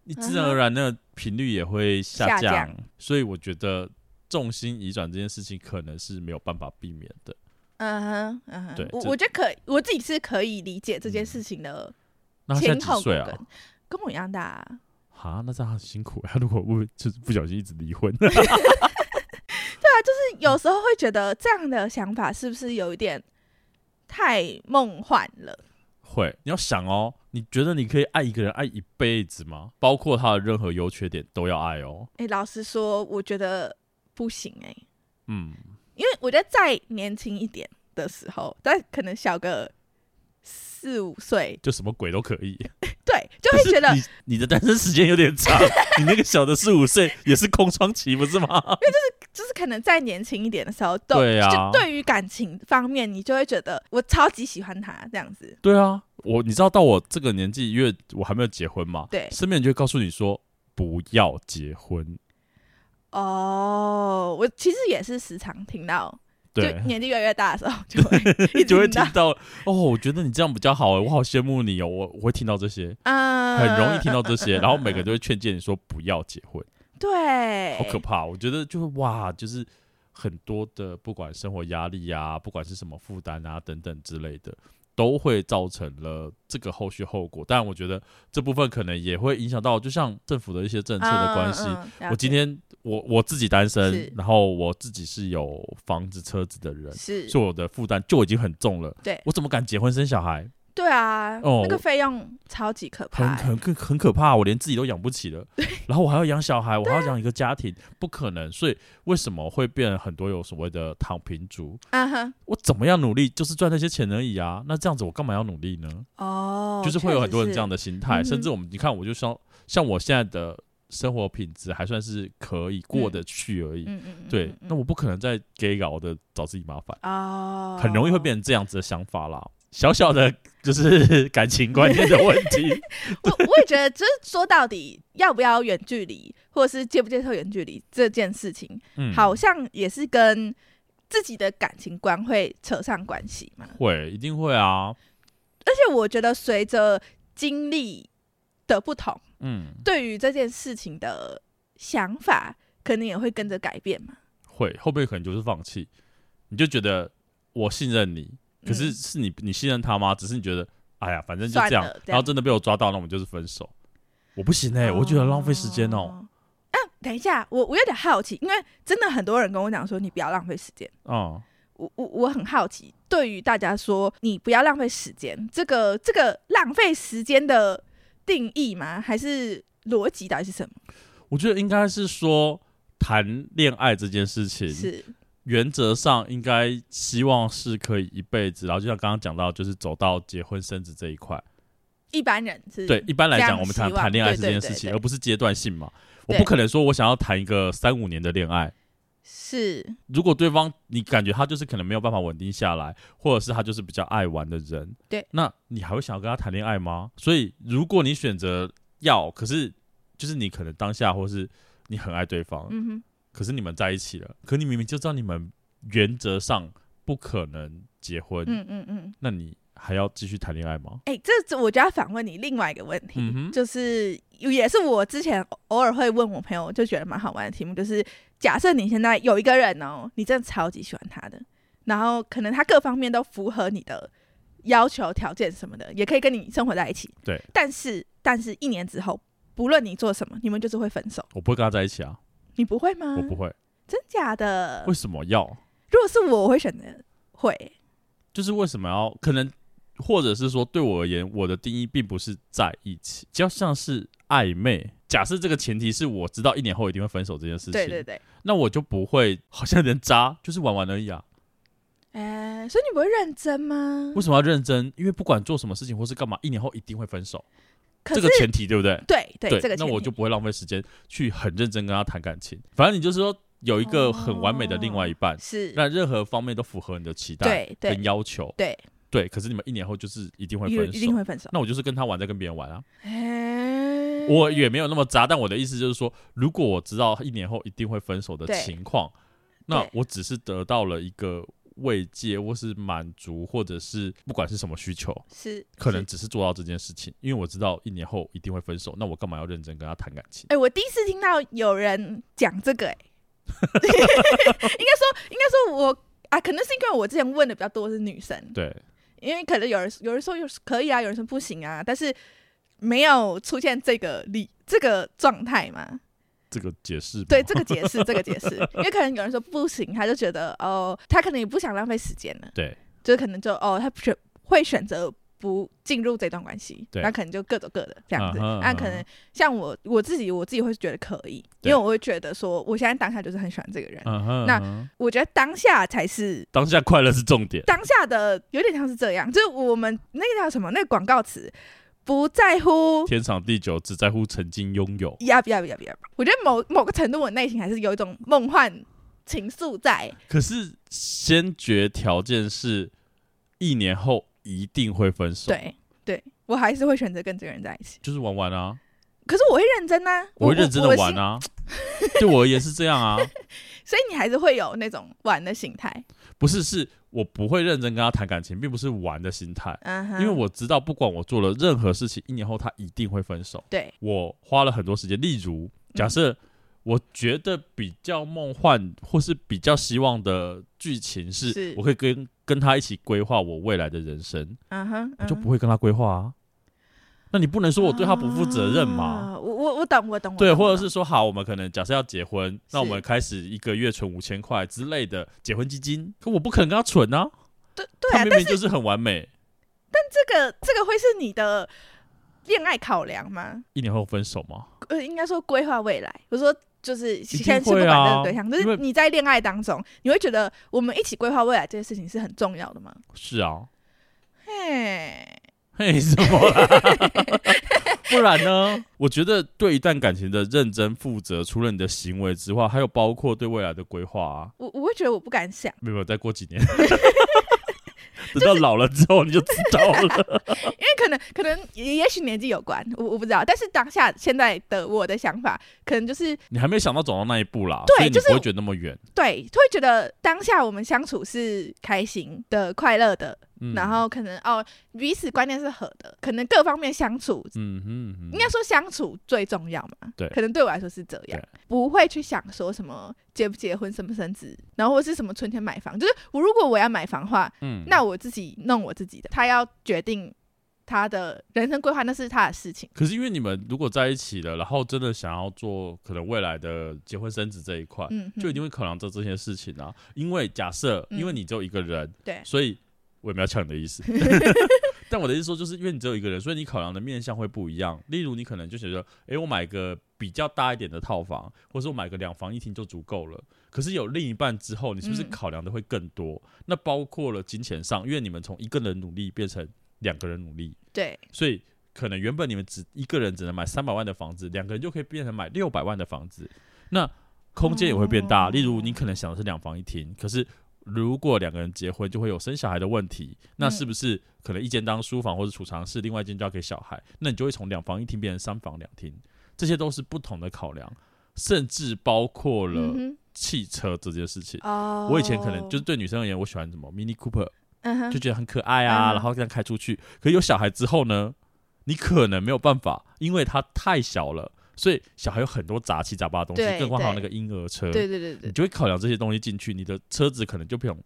你自然而然那個頻率也會下降，嗯、下降，所以我覺得重心移轉這件事情可能是沒有辦法避免的。嗯哼，嗯哼，我我覺得可以，我自己是可以理解這件事情的。前後跟、啊、跟我一樣大、啊。哈、啊、那這樣很辛苦。他、啊、如果不就是不小心一直離婚？ 對啊，就是有時候會覺得這樣的想法是不是有一點太夢幻了？會，你要想哦，你覺得你可以愛一個人愛一輩子嗎？包括他的任何優缺點都要愛哦。哎、欸，老實說，我覺得不行哎、欸。嗯。因為我覺得再年輕一點的時候，但可能小個四五歲，就什麼鬼都可以。 對，就會覺得你，你的單身時間有點長， 你那個小的四五歲也是空窗期，不是嗎？ 因為就是就是可能再年輕一點的時候，對啊，就對於感情方面，你就會覺得我超級喜歡他這樣子。對啊，我你知道到我這個年紀，因為我還沒有結婚嘛，對，身邊人就會告訴你說不要結婚。哦、oh，我其實也是時常聽到，對，就年紀越來越大的時候，就會一直聽到 就會聽到。 哦，我覺得你這樣比較好，欸、我好羨慕你哦！我我會聽到這些， 很容易聽到這些， 然後每個人都會勸誡你說不要結婚，對，好可怕。我覺得就是哇，就是很多的，不管生活壓力啊，不管是什麼負擔啊等等之類的。都會造成了這個後續後果，但我覺得這部分可能也會影響到，就像政府的一些政策的關係。嗯嗯嗯、我今天我我自己單身，然後我自己是有房子車子的人，是是我的負擔就已經很重了。對，我怎麼敢結婚生小孩？對啊，嗯、那個費用超級可怕，欸，很很，很可怕，啊，我連自己都養不起了。對，然後我還要養小孩，我還要養一個家庭，不可能。所以為什麼會變很多有所謂的躺平族？Uh-huh. 我怎麼樣努力就是賺那些錢而已啊？那這樣子我幹嘛要努力呢？Oh, 就是會有很多人這樣的心態，嗯。甚至我們你看，我就像像我現在的生活品質還算是可以過得去而已。嗯、對嗯嗯嗯嗯嗯，那我不可能再給搞的找自己麻煩，Oh. 很容易會變成這樣子的想法啦。小小的就是感情觀念的問題。 我，我我也覺得，就是說到底，要不要遠距離，或者是接不接受遠距離這件事情，嗯，好像也是跟自己的感情觀會扯上關係嘛。會，一定會啊。而且我覺得隨着經歷的不同，嗯，對於這件事情的想法，可能也會跟着改變嘛。會，後面可能就是放棄，你就覺得我信任你。可是是你、嗯，你信任他嗎？只是你覺得，哎呀，反正就這樣，這樣。然後真的被我抓到，那我們就是分手。我不行哎、欸哦，我覺得浪費時間哦、喔。啊、嗯，等一下，我我有點好奇，因為真的很多人跟我講說，你不要浪費時間哦、嗯。我我我很好奇，對於大家說你不要浪費時間，這個這個浪費時間的定義嗎？還是邏輯到底是什麼？我覺得應該是說談戀愛這件事情是。原則上應該希望是可以一輩子，然後就像剛剛講到，就是走到結婚生子這一塊。一般人是對一般來講，我們談談戀愛是這件事情，對對對對對，而不是階段性嘛。我不可能說我想要談一個三五年的戀愛。是如果對方你感覺他就是可能沒有辦法穩定下來，或者是他就是比較愛玩的人，對，那你還會想要跟他談戀愛嗎？所以如果你選擇要，嗯，可是就是你可能當下或是你很愛對方，嗯哼可是你們在一起了，可你明明就知道你們原則上不可能結婚，嗯嗯嗯，那你還要繼續談戀愛嗎？哎、欸，這我就要反問你另外一個問題，嗯、就是也是我之前偶爾會問我朋友，就覺得蠻好玩的題目，就是假設你現在有一個人哦，你真的超級喜歡他的，然後可能他各方面都符合你的要求條件什麼的，也可以跟你生活在一起，對，但是但是一年之後，不論你做什麼，你們就是會分手，我不會跟他在一起啊。你不會嗎？我不會，真假的？為什麼要？如果是我，我會選擇會。就是為什麼要？可能或者是說，對我而言，我的定義並不是在一起，比較像是曖昧。假設這個前提是我知道一年後一定會分手這件事情，對對對，那我就不會好像人渣，就是玩玩而已啊。哎、欸，所以你不會認真嗎？為什麼要認真？因為不管做什麼事情或是幹嘛，一年後一定會分手。這個前提對不對？對對，對、這個，那我就不會浪費時間去很認真跟他談感情。反正你就是說有一個很完美的另外一半，是、哦、那任何方面都符合你的期待、跟要求。對對，對，對，可是你們一年後就是一定會分手，一定會分手。那我就是跟他玩，再跟別人玩啊、欸。我也沒有那麼渣，但我的意思就是說，如果我知道一年後一定會分手的情況，那我只是得到了一個。慰藉，或是滿足，或者是不管是什麼需求，是可能只是做到這件事情，因為我知道一年後一定會分手，那我幹嘛要認真跟他談感情？誒、欸，我第一次聽到有人講這個、欸， 應該說，應該說我啊，可能是因為我之前問的比較多是女生，對，因為可能有人，有人說有可以啊，有人說不行啊，但是沒有出現這個例，這個狀態嘛。這個解釋對，這個解釋，這個解釋， 因為可能有人說不行，他就覺得哦，他可能也不想浪費時間了，對，就是可能就哦，他選會選擇不進入這段關係，那可能就各走各的這樣子。那、uh -huh, 可能像我、uh -huh. 我自己我自己會覺得可以，uh -huh. 因為我會覺得說，我現在當下就是很喜歡這個人，uh -huh, 那我覺得當下才是當下快樂是重點，當下的有點像是這樣，就是我們那個叫什麼，那個廣告詞。不在乎天長地久，只在乎曾經擁有。呀、yeah, yeah, yeah, yeah. 我覺得某某個程度，我內心還是有一種夢幻情愫在。可是先決條件是，一年後一定會分手。對，對我還是會選擇跟這個人在一起。就是玩玩啊。可是我會認真啊，我，我，我會認真的玩啊。就我， 我也是這樣啊。 所以你還是會有那種玩的心態。不是，是我不會認真跟他談感情，並不是玩的心態，uh -huh. 因為我知道不管我做了任何事情，一年後他一定會分手。對，我花了很多時間，例如假設我覺得比較夢幻或是比較希望的劇情是，我可以跟跟他一起規劃我未來的人生，uh -huh, uh -huh. 我就不會跟他規劃啊。那你不能說我對他不負責任嗎？啊、我我我懂我懂。對，我我或者是說好，我們可能假設要結婚，那我們開始一個月存五千塊之類的結婚基金。可我不可能跟他存啊。對對啊，但是他明明就是很完美。但，但這個這個會是你的戀愛考量嗎？一年後分手嗎？呃，應該說規劃未來。我說就是先先不管這個對象，啊，就是你在戀愛當中，你會覺得我們一起規劃未來這件事情是很重要的嗎？是啊。嘿。為什麼？ 不然呢？我覺得對一段感情的認真負責，除了你的行為之外，還有包括對未來的規劃啊。我我會覺得我不敢想。沒有，再過幾年。 就是、等到老了之後你就知道了， 因為可能可能也許年紀有關，我我不知道。但是當下現在的我的想法，可能就是你還沒想到走到那一步啦，對，就是你不會覺得那麼遠、就是，對，會覺得當下我們相處是開心的、快樂的、嗯，然後可能哦彼此觀念是合的，可能各方面相處，嗯嗯，應該說相處最重要嘛，對，可能對我來說是這樣，不會去想說什麼結不結婚、生不生子，然後或是什麼春天買房，就是我如果我要買房的話，嗯，那我就。自己弄我自己的，他要決定他的人生規劃，那是他的事情。可是因為你們如果在一起了，然後真的想要做可能未來的結婚生子這一塊、嗯，就一定會考量做這些事情啊。因為假設因為你只有一個人，對、嗯，所以我也沒有搶你的意思。 但我的意思說，就是因為你只有一個人，所以你考量的面向會不一樣。例如，你可能就覺得哎，欸、我買個比較大一點的套房，或者我買個兩房一廳就足夠了。可是有另一半之後，你是不是考量的會更多？嗯、那包括了金錢上，因為你們從一個人努力變成兩個人努力，對，所以可能原本你們只一個人只能買三百萬的房子，兩個人就可以變成買六百萬的房子，那空間也會變大。嗯、例如，你可能想的是兩房一廳、嗯，可是如果兩個人結婚，就會有生小孩的問題，那是不是可能一間當書房或者儲藏室，另外一間交給小孩？那你就會從兩房一廳變成三房兩廳，這些都是不同的考量，甚至包括了、嗯。汽車這件事情、oh，我以前可能就是對女生而言，我喜歡什麼 Mini Cooper，uh -huh. 就覺得很可愛啊，uh -huh. 然後這樣開出去。可有小孩之後呢，你可能沒有辦法，因為它太小了，所以小孩有很多雜七雜八的東西，更何況還有那個嬰兒車，對對對，對，對，你就會考量這些東西進去，你的車子可能就不用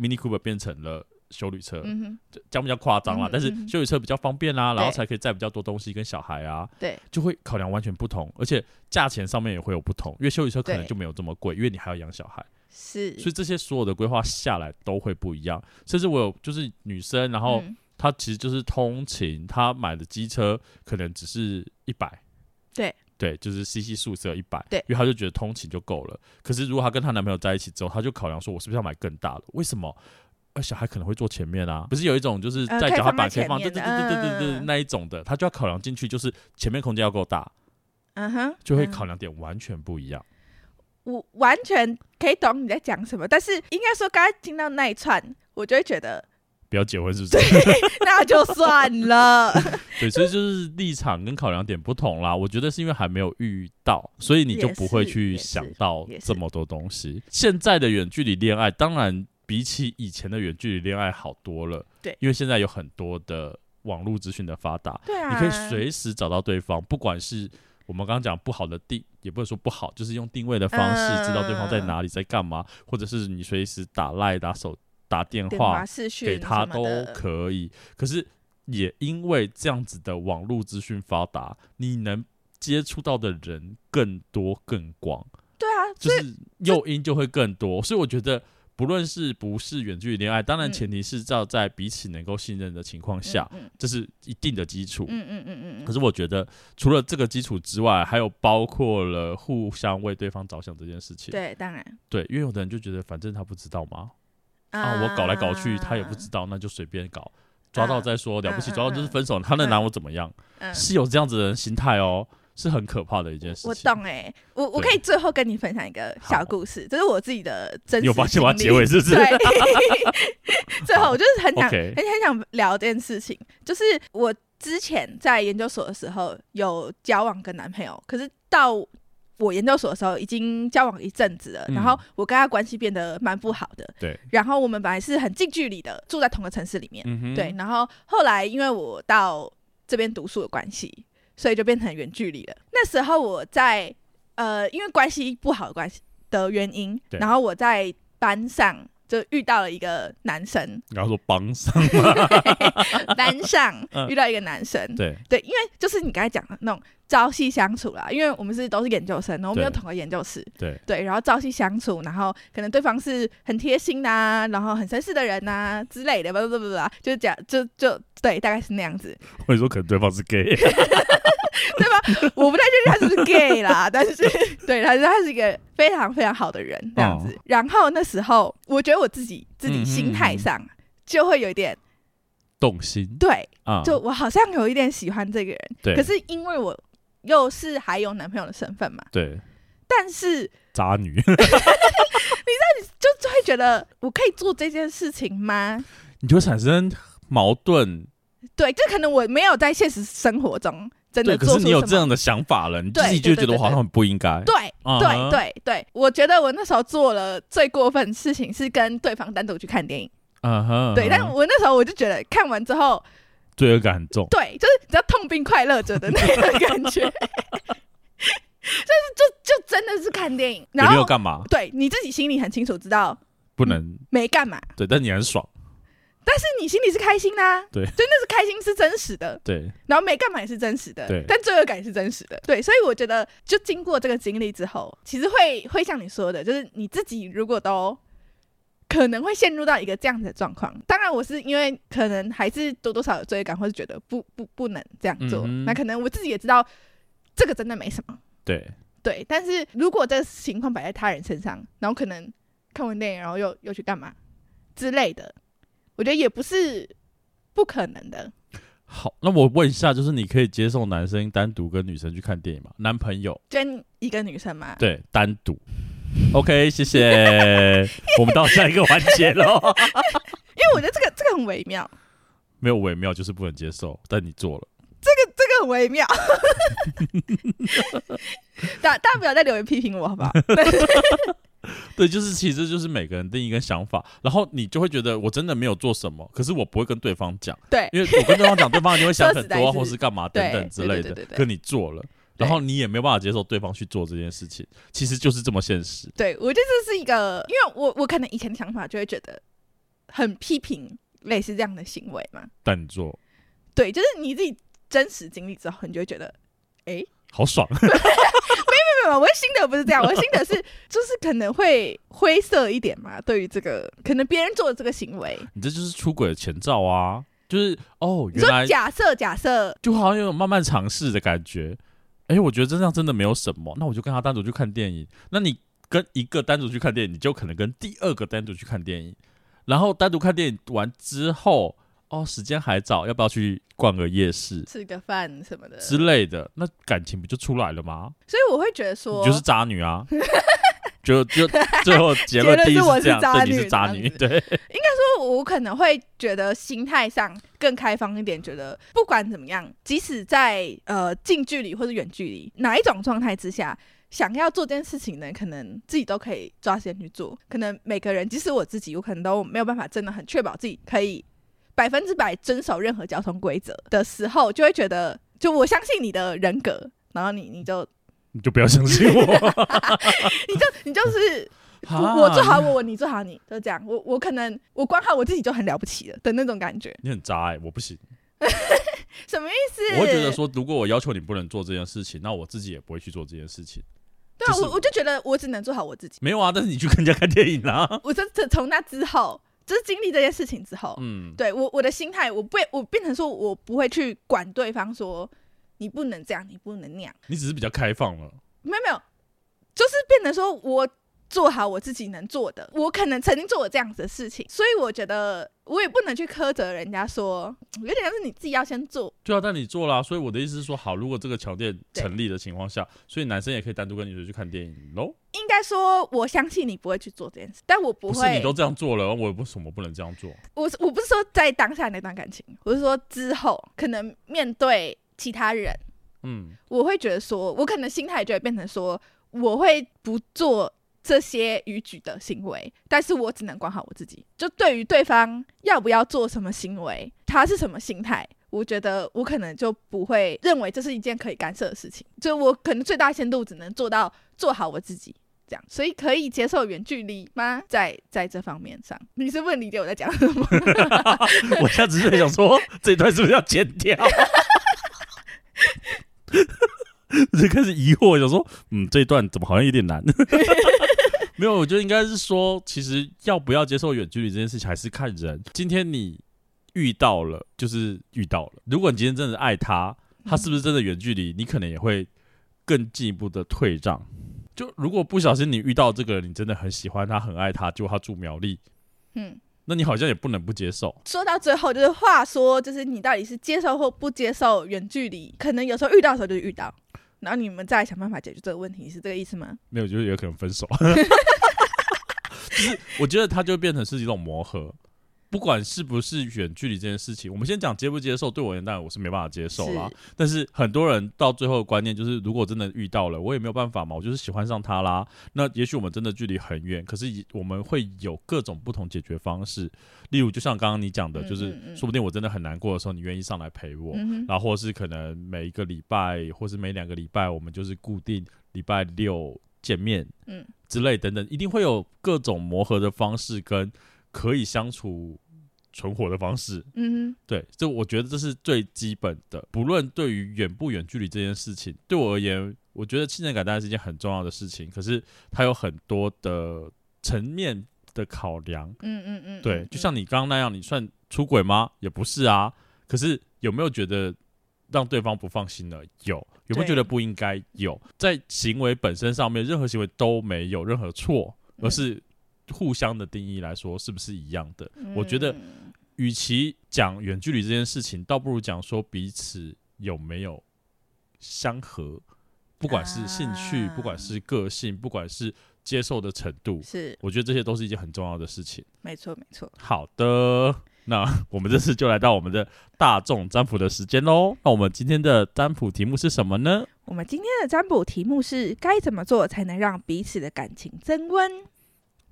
Mini Cooper 變成了。休旅車，講、嗯、比較誇張啦、嗯，但是休旅車比較方便啦、啊嗯，然後才可以載比較多東西跟小孩啊，對，就會考量完全不同，而且價錢上面也會有不同，因為休旅車可能就沒有這麼貴，因為你還要養小孩，是，所以這些所有的規劃下來都會不一樣，甚至我有就是女生，然後她其實就是通勤，嗯、她買的機車可能只是一百，對，對，就是 CC 數只有一百，對，因為她就覺得通勤就夠了，可是如果她跟她男朋友在一起之後，她就考量說我是不是要買更大的？為什麼？而、啊、小孩可能會坐前面啊，不是有一種就是在腳踏板，呃、前方，對對對對對對、對、呃，那一種的，他就要考量進去，就是前面空間要夠大。嗯哼，就會考量點完全不一樣。嗯、我完全可以懂你在講什麼，但是應該說，剛剛聽到那一串，我就會覺得不要結婚是不是？ 那就算了。 對，所以就是立場跟考量點不同啦。我覺得是因為還沒有遇到，所以你就不會去想到這麼多東西。現在的遠距離戀愛，當然。比起以前的遠距離戀愛好多了，對，因為現在有很多的網絡資訊的發達，對、啊，你可以隨時找到對方，不管是我們剛剛講不好的定，也不是說不好，就是用定位的方式知道對方在哪裡在幹嘛、嗯，或者是你隨時打賴打手打電話給他都可以。可是也因為這樣子的網絡資訊發達，你能接觸到的人更多更廣，對啊，就是誘因就會更多，所以,所以我覺得。不論是不是遠距離戀愛，當然前提是照在彼此能夠信任的情況下、嗯嗯嗯，這是一定的基礎、嗯嗯嗯。可是我覺得，除了這個基礎之外，還有包括了互相為對方着想這件事情。對，當然。對，因為有的人就覺得，反正他不知道嘛、啊，啊，我搞來搞去他也不知道，啊、那就隨便搞，抓到再說、啊、了不起，抓到就是分手，啊、他能拿我怎麼樣？啊、是有這樣子的心態哦。是很可怕的一件事。我懂哎、欸，我我可以最後跟你分享一個小故事，這是我自己的真實經歷，有發現我要結尾是不是？對， 最後，我就是很想，很很想聊這件事情、okay，就是我之前在研究所的時候有交往跟男朋友，可是到我研究所的時候已經交往一陣子了、嗯，然後我跟他關係變得蠻不好的。對。然後我們本來是很近距離的，住在同一個城市裡面、嗯。對。然後後來因為我到這邊讀書的關係。所以就變成遠距離了。那時候我在，呃，因為關係不好的關係的原因，然後我在班上。就遇到了一個男生，然後說“幫上，男上遇到一個男生，嗯、對對，因為就是你剛才講的那種朝夕相處啦，因為我們是都是研究生，然後我們有同個研究室，對對，對，然後朝夕相處，然後可能對方是很貼心吶、啊，然後很紳士的人吶、啊、之類的，不不不不，就講就就對，大概是那樣子。我跟你說可能對方是 gay。 對吧？我不太確定他是 gay 啦， 但是對他，但是他是一個非常非常好的人這樣子。哦、然後那時候，我覺得我自己自己心態上就會有點動心，對、嗯，就我好像有一點喜歡這個人。可是因為我又是還有男朋友的身份嘛，對，但是渣女， 你知道，你就就會覺得我可以做這件事情嗎？你就會產生矛盾，對，就可能我沒有在現實生活中。真的對，可是你有這樣的想法了，你自己就覺得我好像很不應該。對，對，對，對，對，uh-huh. 對，對，對，對，我覺得我那時候做了最過分的事情是跟對方單獨去看電影。嗯哼。對，但我那時候我就覺得看完之後罪惡感很重。對，就是比較痛並快樂着的那種感覺。 就是就就真的是看電影，然後也沒有幹嘛。對，你自己心裡很清楚，知道不能、嗯、沒幹嘛。對，但你很爽。但是你心裡是開心的啊，對，真的是開心是真實的，對。然後沒幹嘛也是真實的，對。但罪惡感也是真實的，對。所以我覺得，就經過這個經歷之後，其實會會像你說的，就是你自己如果都可能會陷入到一個這樣子的狀況。當然，我是因為可能還是多多少有罪惡感，或是覺得不不不能這樣做，嗯嗯。那可能我自己也知道，這個真的沒什麼，對對。但是如果這個情況擺在他人身上，然後可能看完電影，然後又又去幹嘛之類的。我覺得也不是不可能的。好，那我問一下，就是你可以接受男生單獨跟女生去看電影嗎？男朋友跟一個女生嗎？對，單獨。OK，謝謝。 我們到下一個環節了。 因為我覺得這個這個很微妙。沒有微妙，就是不能接受。但你做了，這個這個很微妙。 大大家不要在留言批評我，好不好？ 對，就是其實就是每個人的一個想法，然後你就會覺得我真的沒有做什麼，可是我不會跟對方講，對，因為我跟對方講，對方就會想很多， 是或是幹嘛等等之類的對對對對對對，跟你做了，然後你也沒有辦法接受對方去做這件事情，其實就是這麼現實。對，我覺得這是一個，因為我我可能以前的想法就會覺得很批評類似這樣的行為嘛，但你做對，就是你自己真實經歷之後，你就會覺得哎、欸，好爽。 我的心得不是這樣，我的心得是就是可能會灰色一點嘛， 對於這個可能別人做的這個行為，你這就是出軌的前兆啊！就是哦，原來假設假設，就好像有慢慢嘗試的感覺。哎、欸，我覺得這樣真的沒有什麼，那我就跟他單獨去看電影。那你跟一個單獨去看電影，你就可能跟第二個單獨去看電影，然後單獨看電影完之後。哦，時間還早，要不要去逛個夜市，吃個飯什麼的之類的？那感情不就出來了嗎？所以我會覺得說，你就是渣女啊！ 就就最後結論 是我是渣女，真的是渣女。對，應該說，我可能會覺得心態上更開放一點， 覺得不管怎麼樣，即使在呃近距離或是遠距離，哪一種狀態之下，想要做件事情呢，可能自己都可以抓時間去做。可能每個人，即使我自己，我可能都沒有辦法，真的很確保自己可以。百分之百遵守任何交通規則的時候，就會覺得，就我相信你的人格，然後你你就你就不要相信我 你就你就是我做好我，我你做好你，就這樣。我我可能我管好我自己就很了不起了的那種感覺。你很渣哎、欸，我不行 什麼意思？我會覺得說，如果我要求你不能做這件事情，那我自己也不會去做這件事情。對啊，我我就覺得我只能做好我自己。沒有啊，但是你去跟人家看電影啊，我說這從那之後。就是經歷這些事情之後，嗯對，對我我的心態，我不我變成說我不會去管對方，說你不能這樣，你不能那樣。你只是比較開放了？沒有沒有，就是變成說我做好我自己能做的。我可能曾經做過這樣子的事情，所以我覺得。我也不能去苛責人家說，說有點像是你自己要先做，對、啊、但你做了。所以我的意思是說，好，如果這個橋段成立的情況下，所以男生也可以單獨跟女生去看電影嘍。應該說，我相信你不會去做這件事，但我不會。不是，你都這樣做了，我為什麼不能這樣做？我是我不是說在當下那段感情，我是說之後可能面對其他人，嗯，我會覺得說，我可能心態就會變成說，我會不做。這些逾矩的行為，但是我只能管好我自己。就對於對方要不要做什麼行為，他是什麼心態，我覺得我可能就不會認為這是一件可以干涉的事情。就我可能最大限度只能做到做好我自己，這樣。所以可以接受遠距離嗎？在在這方面上，你是不理解我在講什麼？ 我現在只是想說， 這一段是不是要剪掉？ 就開始疑惑，我想說，嗯，這一段怎麼好像有點難？ 沒有，我覺得應該是說，其實要不要接受遠距離這件事情，還是看人。今天你遇到了，就是遇到了。如果你今天真的愛他，他是不是真的遠距離？嗯。你可能也會更進一步的退讓。就如果不小心你遇到這個人，你真的很喜歡他，很愛他，就他住苗栗，嗯。那你好像也不能不接受。說到最後就是，話說就是你到底是接受或不接受遠距離？可能有時候遇到的時候就遇到，然後你們再想辦法解決這個問題，是這個意思嗎？沒有，就是有可能分手。 就是我覺得它就變成是一種磨合。 不管是不是遠距離這件事情，我們先講接不接受。對我而言，當然我是沒辦法接受啦。但是很多人到最後的觀念就是，如果真的遇到了，我也沒有辦法嘛，我就是喜歡上他啦。那也許我們真的距離很遠，可是我們會有各種不同解決方式。例如，就像剛剛你講的嗯嗯嗯，就是說不定我真的很難過的時候，你願意上來陪我嗯嗯，然後或是可能每一個禮拜，或是每兩個禮拜，我們就是固定禮拜六見面，嗯，之類等等、嗯，一定會有各種磨合的方式跟。可以相處存活的方式，嗯，對，這我覺得這是最基本的。不論對於遠不遠距離這件事情，對我而言，我覺得信任感當然是一件很重要的事情。可是它有很多的層面的考量，嗯嗯嗯，嗯，嗯嗯嗯，對。就像你剛剛那樣，你算出軌嗎？也不是啊。可是有沒有覺得讓對方不放心呢？有，有沒有覺得不應該？有，在行為本身上面，任何行為都沒有任何錯，而是、嗯。互相的定義來說，是不是一樣的？嗯、我覺得，與其講遠距離這件事情，倒不如講說彼此有沒有相合，不管是興趣，啊、不管是個性，不管是接受的程度，是我覺得這些都是一件很重要的事情。沒錯，沒錯。好的，那我們這次就來到我們的大眾占卜的時間嘍。那我們今天的占卜題目是什麼呢？我們今天的占卜題目是：該怎麼做才能讓彼此的感情增溫。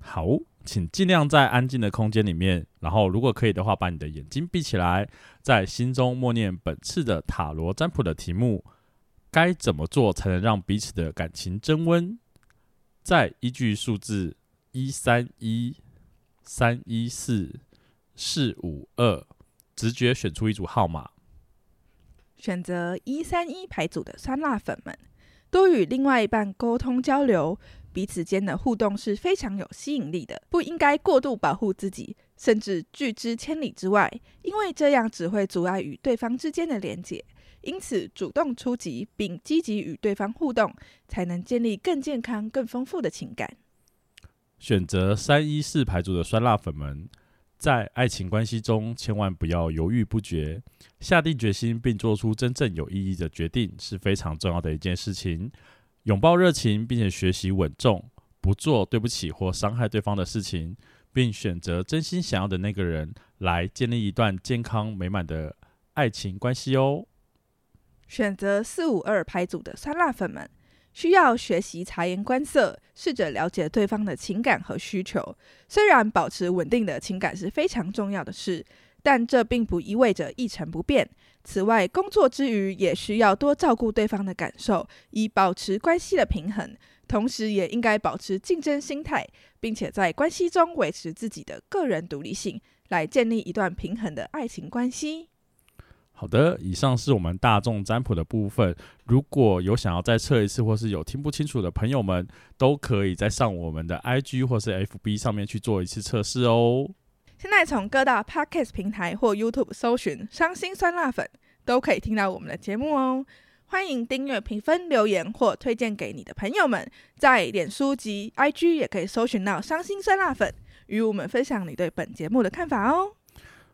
好，請盡量在安靜的空間裡面，然後如果可以的話，把你的眼睛閉起來，在心中默念本次的塔羅占卜的題目：該怎麼做才能讓彼此的感情升溫？再依據數字一三一三一四四五二直覺選出一組號碼。選擇一三一牌組的酸辣粉們，多與另外一半溝通交流。彼此間的互動是非常有吸引力的，不應該過度保護自己，甚至拒之千里之外，因為這樣只會阻礙與對方之間的連接。因此，主動出擊並積極與對方互動，才能建立更健康、更豐富的情感。選擇三一四牌組的酸辣粉們，在愛情關係中千萬不要猶豫不決，下定決心並做出真正有意義的決定是非常重要的一件事情。擁抱熱情，並且學習穩重，不做對不起或傷害對方的事情，並選擇真心想要的那個人來建立一段健康美滿的愛情關係哦。選擇四五二牌組的酸辣粉們，需要學習察言觀色，試着了解對方的情感和需求。雖然保持穩定的情感是非常重要的事，但這並不意味着一成不變。此外，工作之餘也需要多照顧對方的感受，以保持關係的平衡。同時，也應該保持競爭心態，並且在關係中維持自己的個人獨立性，來建立一段平衡的愛情關係。好的，以上是我們大眾占卜的部分。如果有想要再測一次，或是有聽不清楚的朋友們，都可以再上我們的 IG 或是 FB 上面去做一次測試哦。現在從各大 Podcast 平台或 YouTube 搜尋“傷心酸辣粉”，都可以聽到我們的節目哦。歡迎訂閱、評分、留言或推薦給你的朋友們。在臉書及 IG 也可以搜尋到“傷心酸辣粉”，與我們分享你對本節目的看法哦。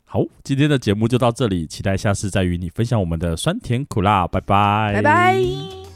好，今天的節目就到這裡，期待下次再與你分享我們的酸甜苦辣。拜拜，拜拜。